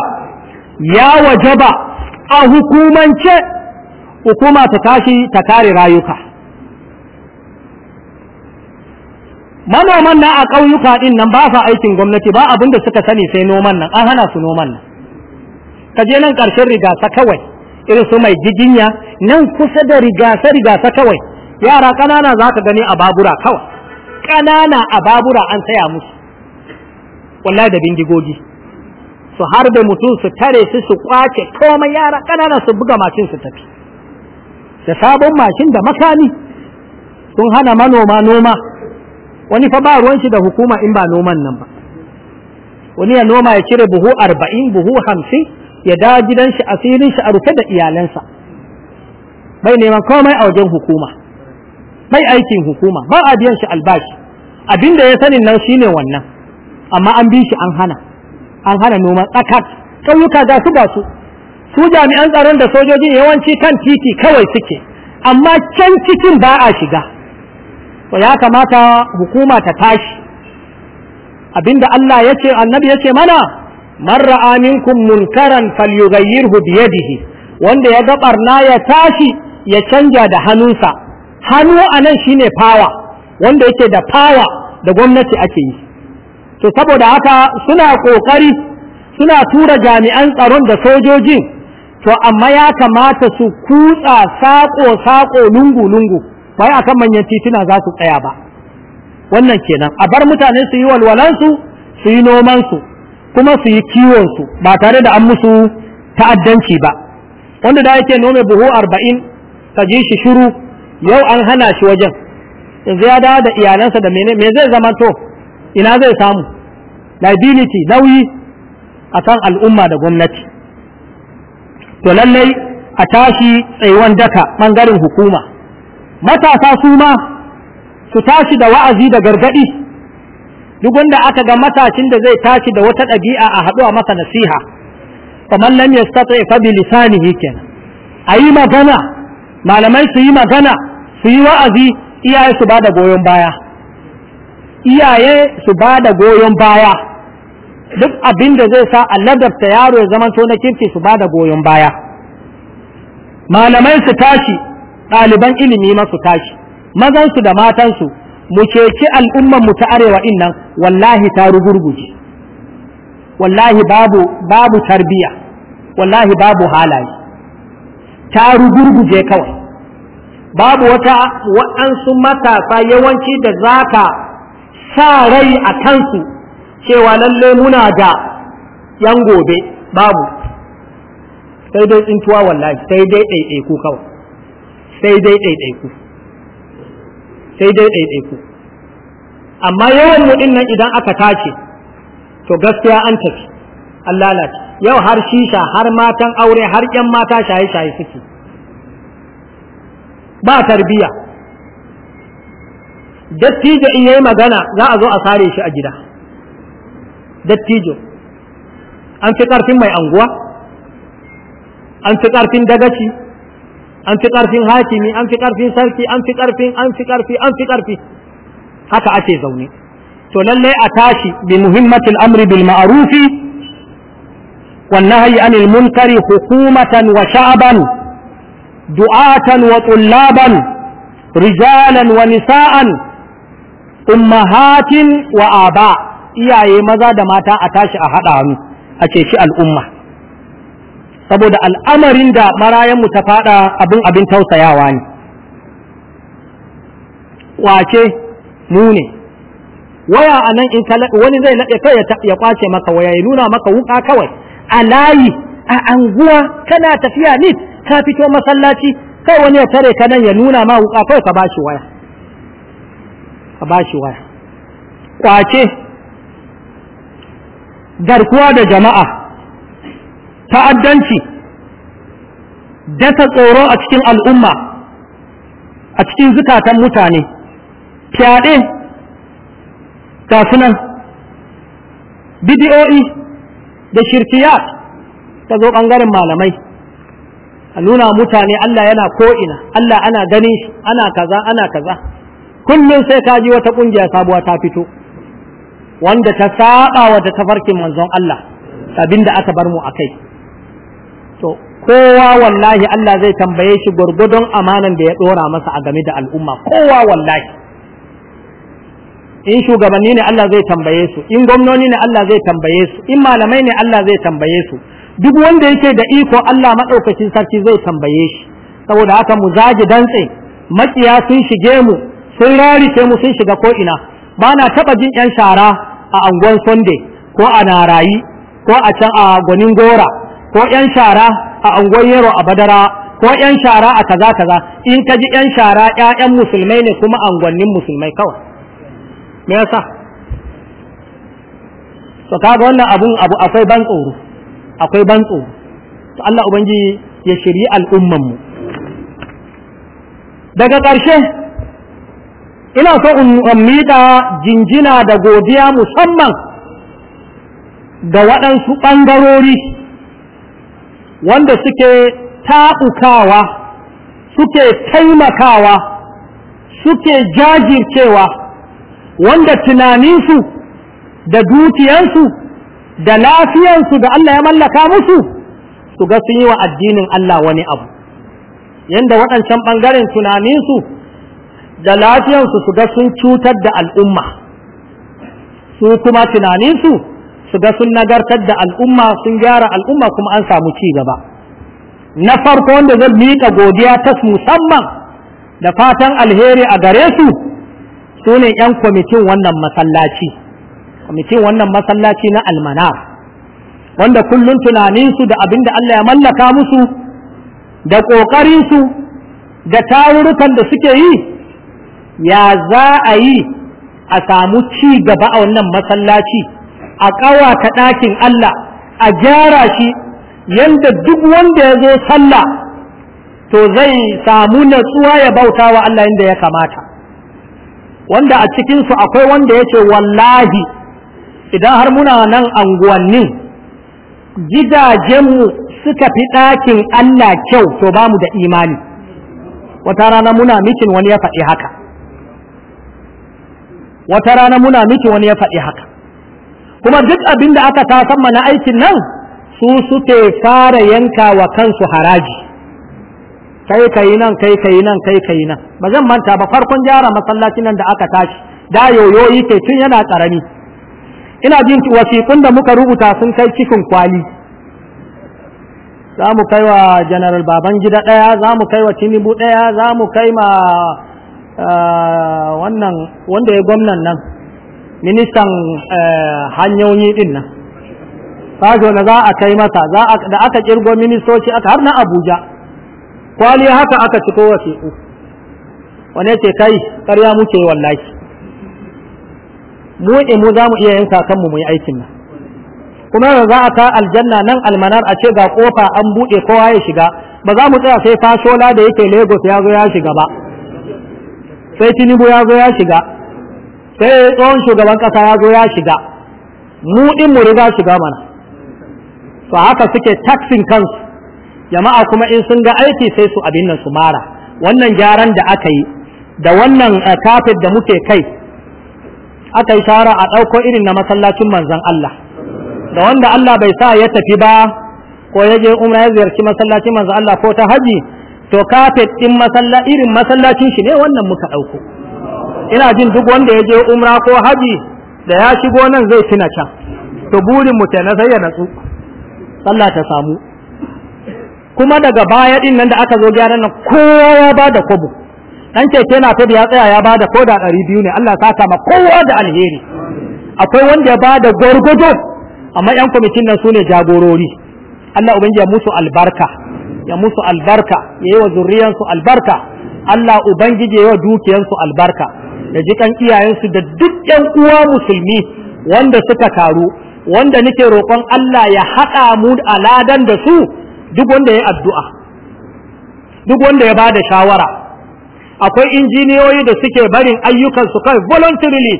[SPEAKER 1] ya waje ba a hukumance hukuma ta tashi ta kare rayuka manoman na a ƙauyuka ɗinnan nan ba sa aikin gwamnati ba abinda suka sani sai noman nan an hana su noman nan ka je nan ƙarshen riga ta kawai irin su mai jiginya nan kusa da rigasa rigasa kawai yara ƙanana za ka gani a babura kawai ƙanana a babura an saya musu wallahi da bindigogi su harbe mutum su tare su su kwace komai yara ƙanana su buga mashin su tafi da sabon mashin da makami sun hana manoma noma wani fa ba ruwan shi da hukuma in ba noman nan ba wani ya noma ya cire buhu arba'in buhu hamsin ya dawo gidan shi asirin shi a rufe da iyalansa bai neman komai a wajen hukuma bai aikin hukuma ba a biyan shi albashi abin ya sani nan shine wannan amma an bi shi an hana an hana noman tsakat ƙauyuka ga su ba su su jami'an tsaron da sojoji yawanci kan titi kawai suke amma can cikin ba a shiga to ya kamata hukuma ta tashi abinda Allah ya ce annabi ya ce mana man ra'a minkum munkaran falyughayyirhu bi yadihi wanda ya ga barna ya tashi ya canja da hannunsa hannu a anan shine fawa wanda yake da fawa da gwamnati ake yi to saboda haka suna ƙoƙari, suna tura jami'an tsaron da sojojin to amma ya kamata su kutsa saƙo saƙo lungu lungu ba akan manyan tituna za su tsaya ba wannan kenan a bar mutane su yi walwalansu su yi nomansu kuma su yi kiwonsu ba tare da an musu ta'addanci ba wanda da yake nome buhu arba'in ka ji shi shuru, yau an hana shi wajen yanzu ya dawo da iyalansa da mene me zai zama to ina zai samu liability nauyi a kan al'umma da gwamnati to lallai a tashi tsayuwan daka ɓangaren hukuma matasa su ma su tashi da wa'azi da gargaɗi duk wanda aka ga matashin da zai tashi da wata ɗabi'a a haɗuwa a masa nasiha kamar lam yastati fa bi lisanihi kenan ayi magana malamai su yi magana su yi wa'azi iyaye su bada goyon baya iyaye su bada goyon baya duk abin da zai sa ladabta yaro ya zama to na kirki su bada goyon baya malamai su tashi ɗaliban ilimi ma su tashi su da matan su. mu ceci al'umman mu ta arewa din nan wallahi ta rugurguje wallahi babu babu tarbiya wallahi babu halaye ta rugurguje kawai babu wata waɗansu matasa yawanci da za ka sa rai a kansu cewa lalle muna da yan gobe babu sai dai tsintuwa wallahi sai dai ɗaiɗaiku kawai sai dai ɗaiɗaiku sai dai ɗaiɗaiku amma yawan mu nan idan aka tace to gaskiya an tafi an lalace yau har shisha har matan aure har ƴan mata shaye-shaye suke ba tarbiya dattijo in yayi magana za a zo a sare shi a gida dattijo an fi ƙarfin mai anguwa an fi ƙarfin dagaci an fi ƙarfin hakimi an fi ƙarfin sarki an fi ƙarfin an fi ƙarfi an fi ƙarfi haka ake zaune to lallai a tashi bi muhimmatil amri bil ma'rufi wan nahyi anil munkari hukumatan wa sha'ban du'atan wa tullaban rijalan wa nisa'an ummahatin wa aba iyaye maza da mata a tashi a haɗa hannu a ceci al'umma saboda al'amarin da marayanmu ta fada abin abin tausayawa ne wace mu ne waya a nan in wani zai naɗe kai ya kwace maka waya ya nuna maka wuka kawai a layi a anguwa kana tafiya ne ka fito masallaci kai wani ya tare ka nan ya nuna ma wuka kawai ka shi waya ka shi waya kwace garkuwa da jama'a ta'addanci dasa tsoro a cikin al'umma a cikin zukatan mutane fyaɗe ga sunan bidiyoyi da shirkiya ta zo ɓangaren malamai a nuna mutane Allah yana ko'ina Allah ana gani ana kaza ana kaza kullum sai ka ji wata ƙungiya sabuwa ta fito wanda ta saba wa ta tafarkin manzon Allah abinda aka bar mu a kai to kowa wallahi Allah zai tambaye shi gurgudun amanan da ya dora masa a game da al'umma kowa wallahi in shugabanni ne Allah zai tambaye su in gwamnoni ne Allah zai tambaye su in malamai ne Allah zai tambaye su duk wanda yake da iko Allah madaukakin sarki zai tambaye shi saboda haka mu zaji dantse makiya sun shige mu sun rarice mu sun shiga ko ina ba na taba jin yan shara a angon Sunday ko a narayi ko a can a gwanin gora ko yan shara a angon yaro a badara ko yan shara a kaza kaza in ka ji yan shara ƴaƴan musulmai ne kuma angonnin musulmai kawai me yasa to kaga wannan abun abu akwai ban tsoro akwai ban tsoro to Allah ubangiji ya shiri al'umman mu daga ƙarshe ina so in miƙa jinjina da godiya musamman ga waɗansu ɓangarori wanda suke ta'ukawa suke taimakawa suke jajircewa wanda tunaninsu da dukiyansu da lafiyansu da Allah ya mallaka musu su ga sun yi wa addinin Allah wani abu yanda waɗancan ɓangaren tunaninsu da lafiyansu su ga sun cutar da al'umma su kuma tunaninsu su ga sun nagartar da al'umma sun gyara al'umma kuma an samu ci gaba na farko wanda zan miƙa godiya ta musamman da fatan alheri a gare su su ne 'yan kwamitin wannan masallaci kwamitin wannan masallaci na almanar wanda kullum tunaninsu da abin da Allah ya mallaka musu da ƙoƙarinsu da tarurrukan da suke yi ya za a yi a samu ci gaba a wannan masallaci a ƙawata ɗakin Allah a gyara shi yadda duk wanda ya zo sallah to zai samu natsuwa ya bauta wa Allah yadda ya kamata wanda a cikinsu akwai wanda ya ce wallahi idan har muna nan anguwannin gidajenmu suka fi ɗakin Allah kyau to ba mu da imani wata rana muna mikin wani ya faɗi haka wata rana muna mikin wani ya faɗi haka kuma duk abin da aka tasamma mana aikin nan su suke fara yanka wa kansu haraji kai kai nan kai kai nan kai kai nan ba zan manta ba farkon gyara masallacin nan da aka tashi da yoyoyi ke tun yana karami ina jin wasiƙun da muka rubuta sun kai cikin kwali za mu kai wa general babangida ɗaya za mu kai wa tinubu ɗaya za mu kai ma eh, wannan wanda ya gwamnan nan ministan eh, hanyoyi din nan sajo na za a kai mata, za da aka kirgo ministoci aka har na Abuja kwali haka aka ciko ku wane ce kai ƙarya muke wallahi mu ne mu za mu iya yin kakanmu mu yi aikin nan kuma da za a ta aljanna nan almanar a ce ga kofa an buɗe kowa ya shiga ba za mu tsaya sai fashola da yake lagos ya zo ya shiga ba sai tinubu ya zo ya shiga sai tsohon shugaban ƙasa ya zo ya shiga mu din mu riga shiga mana to haka suke taxin kansu jama'a kuma in sun ga aiki sai su abin nan su mara wannan gyaran da aka yi da wannan eh, kafet da muke kai aka yi shara a ɗauko irin na masallacin manzon Allah da wanda Allah bai sa ya tafi ba ko ya je umra ya ziyarci masallacin manzon Allah ko ta haji to kafet din irin masallacin shi ne wannan muka ɗauko ina jin duk wanda ya je umra ko haji da ya shigo nan zai tuna can to burin mu kenan sai ya natsu sallah ta samu kuma daga baya din nan da aka zo gyaran nan kowa ya bada kobo dan keke na da ya tsaya ya bada koda ɗari biyu ne Allah saka ma kowa da alheri akwai wanda ya bada gurgudu amma yan kwamitin nan sune jagorori Allah ubangi ya musu albarka ya musu albarka ya yi wa zurriyansu albarka Allah ubangiji ya yi wa dukiyansu albarka da jikan iyayensu da duk yan uwa musulmi wanda suka karu wanda nake roƙon Allah ya haɗa mu aladan da su duk wanda ya addu'a duk wanda ya da shawara akwai injiniyoyi da suke barin ayyukan su kai voluntarily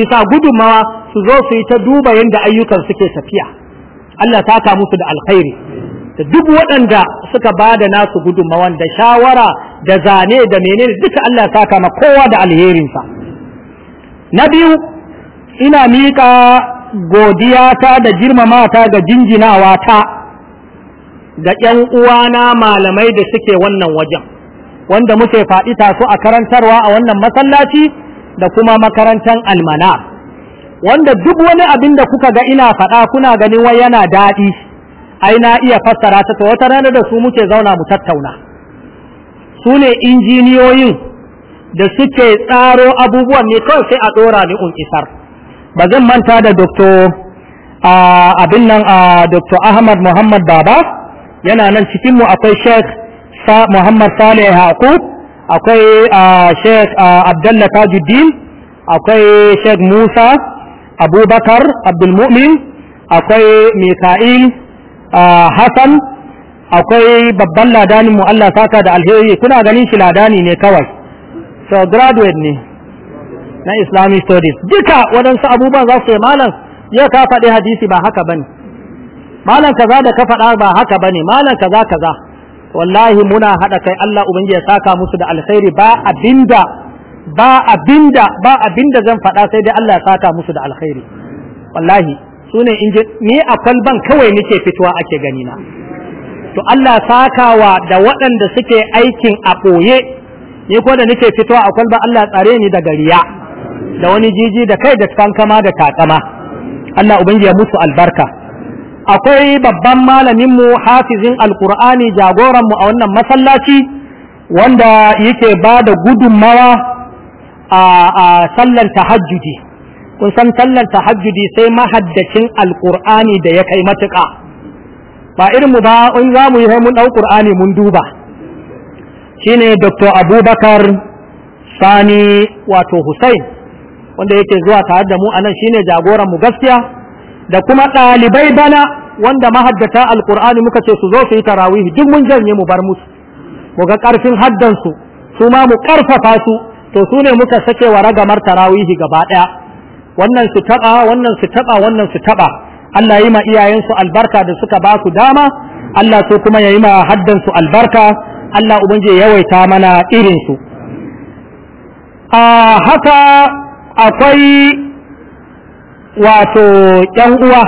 [SPEAKER 1] bisa gudumawa su zo su yi ta duba yadda ayyukan suke tafiya Allah ta taka musu da alkhairi da duk waɗanda suka ba da nasu gudunmawan da shawara da zane da menene duka Allah ta ma kowa da alherinsa na biyu ina miƙa godiyata da girmamata ga jinjinawa ta ga ‘yan uwana malamai da suke wannan wajen wanda muke faɗi taso a karantarwa a wannan masallaci da kuma makarantar almana wanda duk wani abin da kuka ga ina faɗa kuna ganin wai yana daɗi ai na iya fassara ta wata rana da su muke zauna mu tattauna su ne injiniyoyin da suke tsaro abubuwan ne kawai sai a ɗora ni un isar ba zan manta da doktor abin nan doktor ahmad muhammad baba yana nan cikinmu akwai sheikh muhammad saleh haku akwai sheikh abdalla tajuddin akwai sheikh musa abubakar abdulmumin akwai mika'il hassan akwai babban ladaninmu allah saka da alheri kuna ganin shi ladani ne kawai So graduate ne na islamic studies duka waɗansu abubuwan za su yi malam ya ka faɗi hadisi ba haka bane malam kaza da ka faɗa ba haka bane malam kaza kaza wallahi muna haɗa kai Allah ubangiji ya saka musu da alkhairi ba abinda ba abinda ba abinda zan faɗa sai dai Allah ya saka musu da alkhairi wallahi su ne ni a kalban kawai nake fitowa ake gani na to Allah sakawa da waɗanda suke aikin a ɓoye ni ko da nake fitowa a kwalba Allah tsare ni daga riya da wani jiji da kai da kankama da takama Allah ubangi ya musu albarka akwai babban malamin mu hafizin alqur'ani jagoran mu a wannan masallaci wanda yake ba da gudunmawa a sallar tahajjudi kun san sallar tahajjudi sai mahaddacin alqur'ani da ya kai matuka. ba irin mu ba in za mu yi mun ɗau qur'ani mun duba shine dr abubakar sani wato hussein wanda yake zuwa tare da mu a nan shine jagoran mu gaskiya da kuma ɗalibai bana wanda mahaddata alkur'ani muka ce su zo su yi tarawih duk mun janye mu bar musu mu ga ƙarfin haddansu su ma mu ƙarfafa su to su ne muka sake wa ragamar tarawihi gaba ɗaya wannan su taɓa wannan su taɓa wannan su taɓa Allah yi ma iyayensu albarka da suka ba su dama Allah su kuma ya yi ma haddansu albarka Allah ubangiji yawaita mana irin su a haka akwai wato 'yan uwa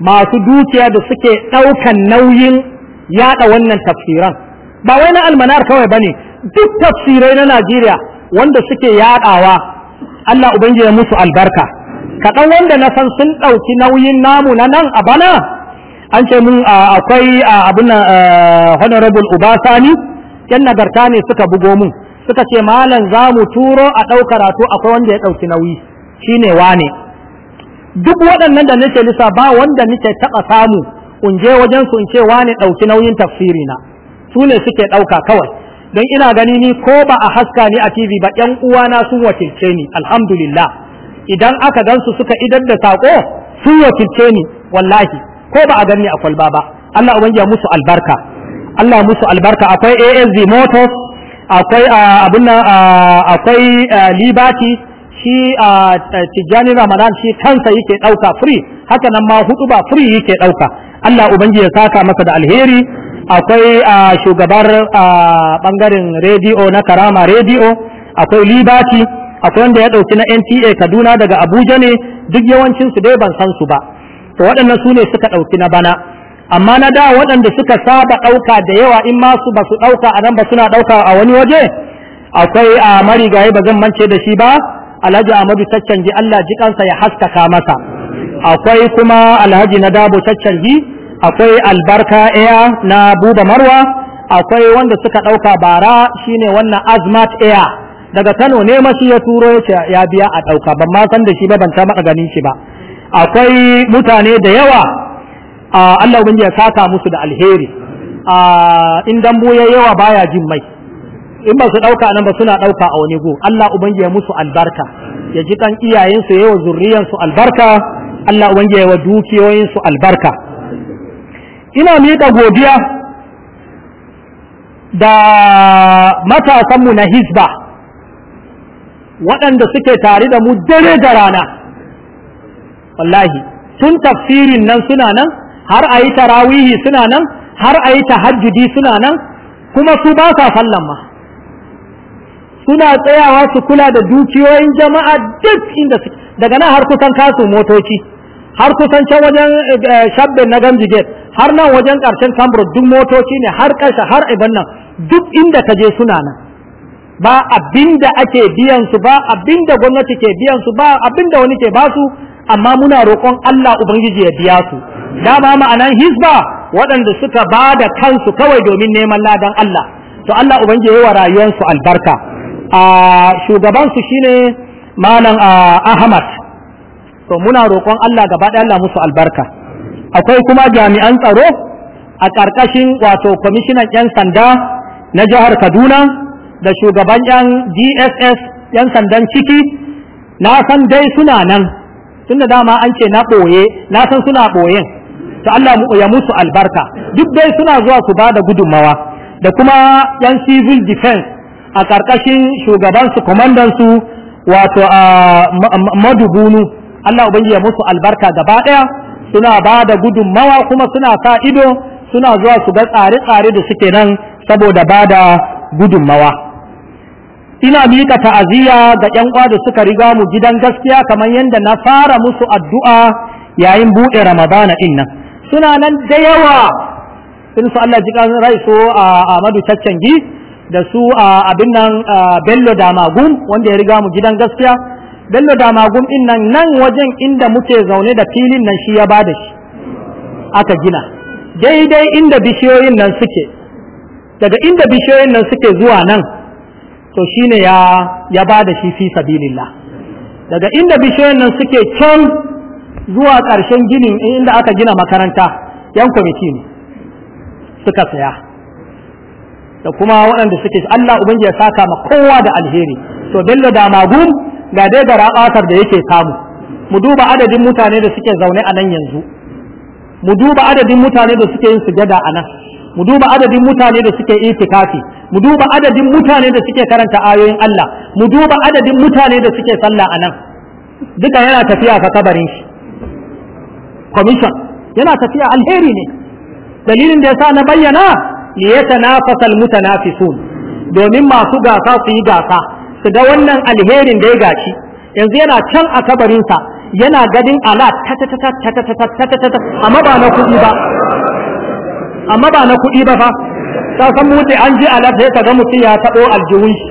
[SPEAKER 1] masu dukiya da suke ɗaukan nauyin yaɗa wannan tafsiran ba wai na almanar kawai ba ne. duk tafsirai na Najeriya wanda suke yaɗawa Allah ubangiji ya musu albarka kaɗan wanda na san sun ɗauki nauyin namu na nan a bana an ce mun ah, akwai ah, abin nan eh, honorable ubasani yan nagarta ne suka bugo mun suka ce malam za mu turo a ɗau karatu akwai wanda ya ɗauki nauyi shine wane duk waɗannan da nake lissa ba wanda nake taɓa samu in je wajen su in ce wane ɗauki nauyin tafsiri na su ne suke ɗauka kawai don ina gani ni ko ba a haska ni a tv ba ƴan uwana sun wakilce ni alhamdulillah idan aka gansu suka idar da saƙo sun wakilce ni wallahi ko ba a ganni a kwalba ba Allah ubangi ya musu albarka Allah musu albarka akwai ASD Motors akwai ah, abin ah, akwai ah, Liberty shi Tijjani Ramadan shi kansa yake dauka free haka nan ma hudu ba free yake dauka Allah ubangi ya saka masa da alheri akwai shugabar bangaren rediyo na Karama rediyo akwai Liberty akwai wanda ya dauki na NTA Kaduna daga Abuja ne duk yawancin su dai ban san su ba to waɗannan su ne suka ɗauki na bana amma na da waɗanda suka saba ɗauka da yawa in ma su ba su ɗauka a nan ba suna ɗauka a wani waje akwai a marigaye ba zan mance da shi ba alhaji amadu taccanji allah kansa ya haskaka masa akwai kuma alhaji na dabo taccanji akwai albarka air na buba marwa akwai wanda suka ɗauka bara shine wannan azmat air daga kano ne masu ya turo ya biya a ɗauka ban ma san da shi ba ban ta maka ganin shi ba akwai mutane da yawa Allah ubangi ya saka musu da alheri in dambu ya yawa baya jin mai in ba su ɗauka nan ba suna ɗauka a wani go Allah ubangi ya musu albarka ya ji kan iyayensu yawa su albarka Allah ubangi ya wa dukiyoyinsu albarka ina miƙa godiya da matasanmu na hisba waɗanda suke tare da mu dare da rana wallahi tun tafsirin nan suna nan har a yi tarawihi suna nan har a yi tahajjudi suna nan kuma su ba sa sallan ma suna tsayawa su kula da dukiyoyin jama'a duk inda su daga nan har kusan kasu motoci har kusan can wajen eh, eh, shabbin na gamji gate har nan wajen karshen sambar duk motoci ne har kasha har iban nan duk inda ka je suna nan ba abinda ake biyan su ba abinda gwamnati ke biyan su ba abinda wani ke ba su. amma muna roƙon Allah ubangiji ya biya su dama ma'anan Hisba? waɗanda suka ba da kansu kawai domin neman ladan Allah to Allah ubangiji ya wa rayuwarsu albarka a shugaban su shine malam Ahmad to muna roƙon Allah gaba ɗaya Allah musu albarka akwai kuma jami'an tsaro a ƙarƙashin wato kwamishinan 'yan sanda na jihar Kaduna da shugaban 'yan DSS 'yan sandan ciki na san dai suna nan tunda dama an ce na ɓoye na san suna ɓoyen to Allah ya musu albarka duk dai suna zuwa su ba da gudunmawa da kuma yan civil defense a ƙarƙashin shugabansu kwamandansu wato a madubunu Allah ubangi ya musu albarka gaba ɗaya suna ba da gudunmawa kuma suna sa ido suna zuwa su ga tsare-tsare da suke nan saboda ba da gudunmawa ina miƙa ta'aziyya ga ƴan uwa da suka riga mu gidan gaskiya kamar yadda na fara musu addu'a yayin buɗe ramadana ɗin nan suna nan da yawa in su Allah jikan rai so a Ahmadu Caccangi da su a abin nan Bello Damagum wanda ya riga mu gidan gaskiya Bello Damagum ɗin nan nan wajen inda muke zaune da filin nan shi ya bada shi aka gina daidai inda bishiyoyin nan suke daga inda bishiyoyin nan suke zuwa nan to shi ne ya ba da shi fi sabilillah daga inda bishiyoyin nan suke can zuwa ƙarshen ginin inda aka gina makaranta yan kwamiti ne suka saya da kuma waɗanda suke Allah ubangiji ya saka ma kowa da alheri to bello da magun ga dai da raƙatar da yake samu mu duba adadin mutane da suke zaune a nan yanzu mu duba adadin mutane da suke yin su sujada a nan mu duba adadin mutane da suke itikafi mu duba adadin mutane da suke karanta ayoyin Allah mu duba adadin mutane da suke sallah anan duka yana tafiya fa kabarin shi commission yana tafiya alheri ne dalilin da yasa na bayyana li yatanafasal mutanafisun domin masu gasa su yi gasa su ga wannan alherin da ya gashi yanzu yana can a kabarinsa yana gadin ala amma ba na kuɗi ba amma ba na kuɗi ba fa ta san mutu an ji ala sai ga mutum ya taɓo aljihun shi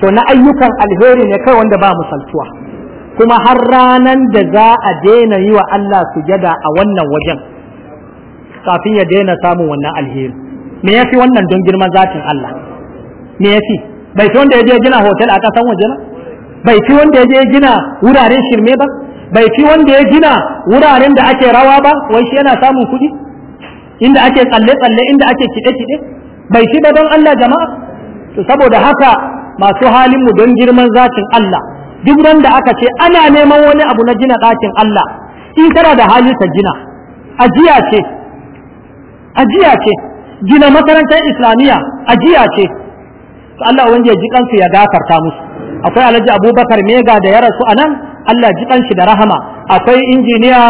[SPEAKER 1] to na ayyukan alheri ne kai wanda ba misaltuwa kuma har ranan da za a daina yi wa Allah sujada a wannan wajen kafin ya daina samun wannan alheri me yafi wannan don girman zatin Allah me yafi bai fi wanda ya je gina hotel a kasan waje ba bai fi wanda ya je gina wuraren shirme ba bai fi wanda ya gina wuraren da ake rawa ba wai shi yana samun kuɗi inda ake tsalle-tsalle inda ake kiɗe-kiɗe bai shi ba don Allah jama'a to saboda haka masu halin mu don girman zakin Allah duk wanda da aka ce ana neman wani abu na gina ɗakin Allah in tana da hali ta gina ajiya ce ajiya ce gina makarantar islamiyya ajiya ce to Allah wanda ya ji kansu ya gafarta musu akwai Alhaji Abubakar Mega da ya rasu a nan? Allah ji shi da rahama akwai injiniya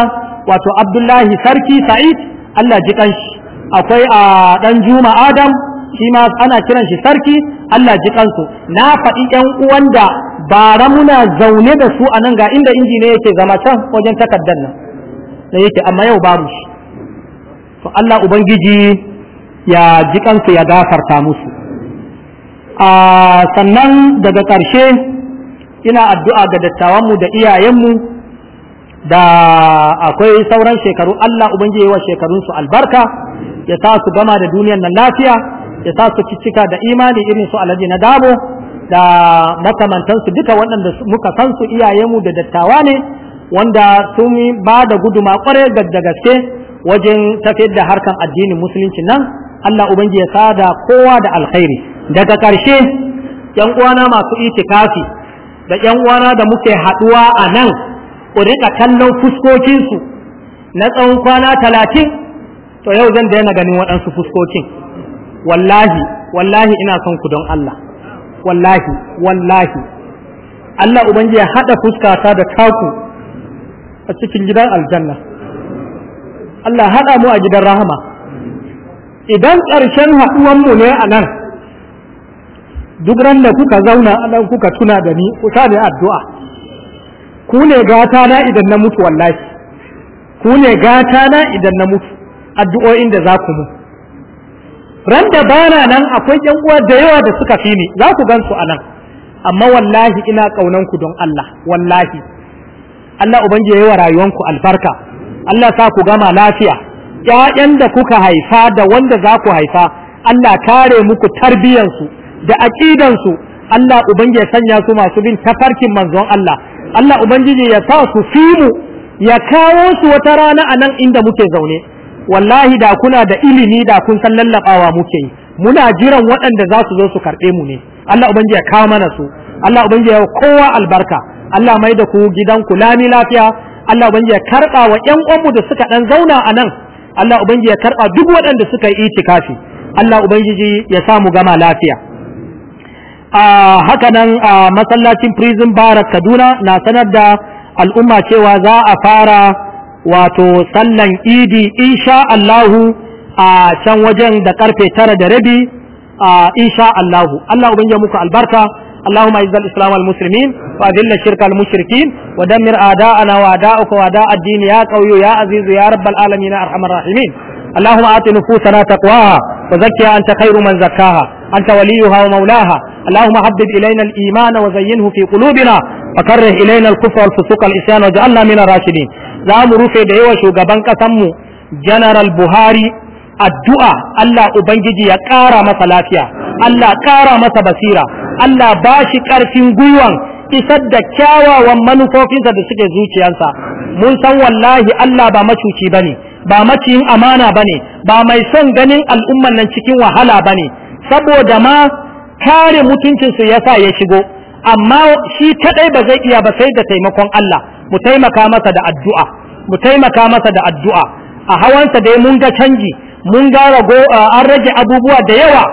[SPEAKER 1] wato Abdullahi Sarki Sa'id Allah ji kanshi akwai a dan Juma Adam shi ma ana kiran shi sarki Allah ji kansu na faɗi ƴan uwan da bara muna zaune da su a nan ga inda inji ne yake zama can wajen takardar nan da yake amma yau babu shi to Allah ubangiji ya ji kansu ya gafarta musu a sannan daga ƙarshe ina addu'a ga dattawanmu da iyayenmu da akwai sauran shekaru Allah ubangiji wa shekarun albarka ya sa su gama da duniyar nan lafiya ya sa su cika da imani irin su alaji na dabo da makamantansu duka waɗanda muka san su iyayenmu da dattawa ne wanda sun ba da guduma kwarai da gaske wajen tafiyar da harkan addinin musulunci nan Allah ubangiji ya sada kowa da alkhairi daga ƙarshe yan uwana masu itikafi da yan uwana da muke haɗuwa a nan ku rika kallon fuskokinsu na tsawon kwana talatin to yau zan daina ganin waɗansu fuskokin wallahi wallahi ina son ku don Allah wallahi wallahi Allah ubangi ya haɗa fuskata da taku a cikin gidan aljanna Allah haɗa mu a gidan rahama idan ƙarshen haɗuwanmu ne a nan duk ran da kuka zauna a nan kuka tuna da ni ku sha da addu'a ku ne gata na idan na mutu wallahi ku ne gata na idan na mutu addu'o'in da za ku mu ran da bana nan akwai yan uwa da yawa da suka fi ni za ku gan su anan amma wallahi ina kaunan ku don Allah wallahi Allah ubangiji yayi wa rayuwanku albarka Allah sa ku gama lafiya ƴaƴan da kuka haifa da wanda za ku haifa Allah kare muku tarbiyansu da aqidansu Allah ubangiji ya sanya su masu bin tafarkin manzon Allah Allah ubangiji ya sa su fi mu ya kawo su wata rana a nan inda muke zaune wallahi da kuna da ilimi da kun san lallabawa muke yi muna jiran waɗanda za su zo su karɓe mu ne Allah ubangiji ya kawo mana su Allah ubangiji ya kowa albarka Allah mai da ku gidanku lami lafiya Allah ubangiji ya karɓa wa ƴan uwanmu da suka ɗan zauna a nan Allah ubangiji ya karɓa duk waɗanda suka yi itikafi Allah ubangiji ya samu gama lafiya a haka nan a masallacin prison barak kaduna na sanar da al'umma cewa za a fara wato sallan idi insha allahu a can wajen da karfe tara da rabi insha allahu allah ubangiji muku albarka اللهم اعز الاسلام والمسلمين واذل الشرك المشركين ودمر اعداءنا واعداءك واعداء الدين يا قوي يا عزيز يا رب العالمين ارحم الراحمين اللهم اعط نفوسنا تقواها وزكها انت خير من زكاها أنت وليها ومولاها اللهم حبب إلينا الإيمان وزينه في قلوبنا وكره إلينا الكفر والفسوق والعصيان وجعلنا من الراشدين za mu rufe da yawan shugaban kasanmu general buhari addu'a Allah Ubangiji ya ƙara masa lafiya Allah ƙara masa basira Allah bashi shi ƙarfin gwiwan isar da kyawawan manufofinsa da suke zuciyarsa mun san wallahi Allah ba macuci ba ne ba maciyin amana ba ne ba mai son ganin al'umman nan cikin wahala ba ne saboda ma kare mutuncinsu ya sa ya shigo amma shi kadai ba zai iya ba sai da taimakon Allah mu taimaka masa da addu'a mu taimaka masa da addu'a a hawansa dai mun ga canji mun ga rago an rage abubuwa da yawa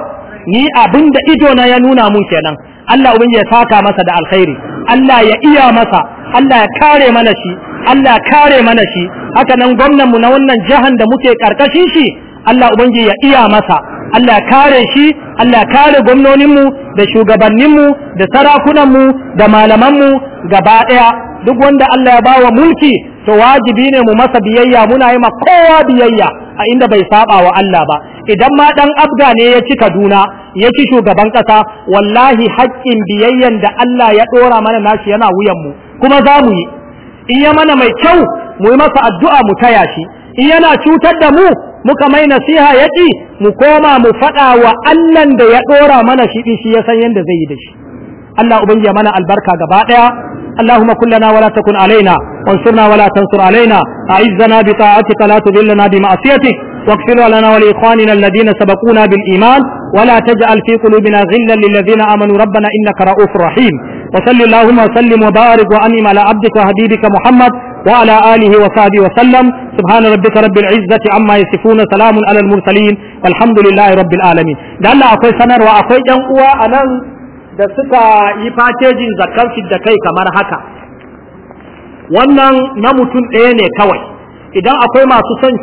[SPEAKER 1] ni abinda da ido na ya nuna mun kenan Allah ubin ya saka masa da alkhairi Allah ya iya masa Allah ya kare mana shi Allah ya kare mana shi haka nan gwamnan mu na wannan jahan da muke karkashin shi Allah ubangiji ya iya masa Allah kare shi Allah kare gwamnoninmu da shugabanninmu da sarakunanmu da malamanmu gaba ɗaya duk wanda Allah ya bawa mulki to wajibi ne mu masa biyayya muna yi ma kowa biyayya a inda bai saba wa Allah ba idan ma dan abga ne ya ci Kaduna ya ci shugaban kasa wallahi haƙƙin biyayyan da Allah ya dora mana nashi yana wuyan mu kuma za mu yi in ya mana mai kyau mu yi masa addu'a mu taya shi in yana cutar da mu muka mai nasiha ya ƙi mu koma mu faɗa wa Allahn da ya ɗora mana shi shi ya san yadda zai yi da shi Allah ubangiya mana albarka gaba ɗaya اللهم كن لنا ولا تكن علينا وانصرنا ولا تنصر علينا أعزنا بطاعتك لا تذلنا بمعصيتك واغفر لنا ولإخواننا الذين سبقونا بالإيمان ولا تجعل في قلوبنا غلا للذين آمنوا ربنا إنك رؤوف رحيم وصل اللهم وسلم وبارك وأنم على عبدك وحبيبك محمد وعلى آله وصحبه وسلم سبحان ربك رب العزة عما يصفون سلام على المرسلين والحمد لله رب العالمين da Allah akwai sanarwa akwai yan uwa a nan da suka yi fatejin zakar da kai kamar haka wannan na mutum ɗaya ne kawai idan akwai masu son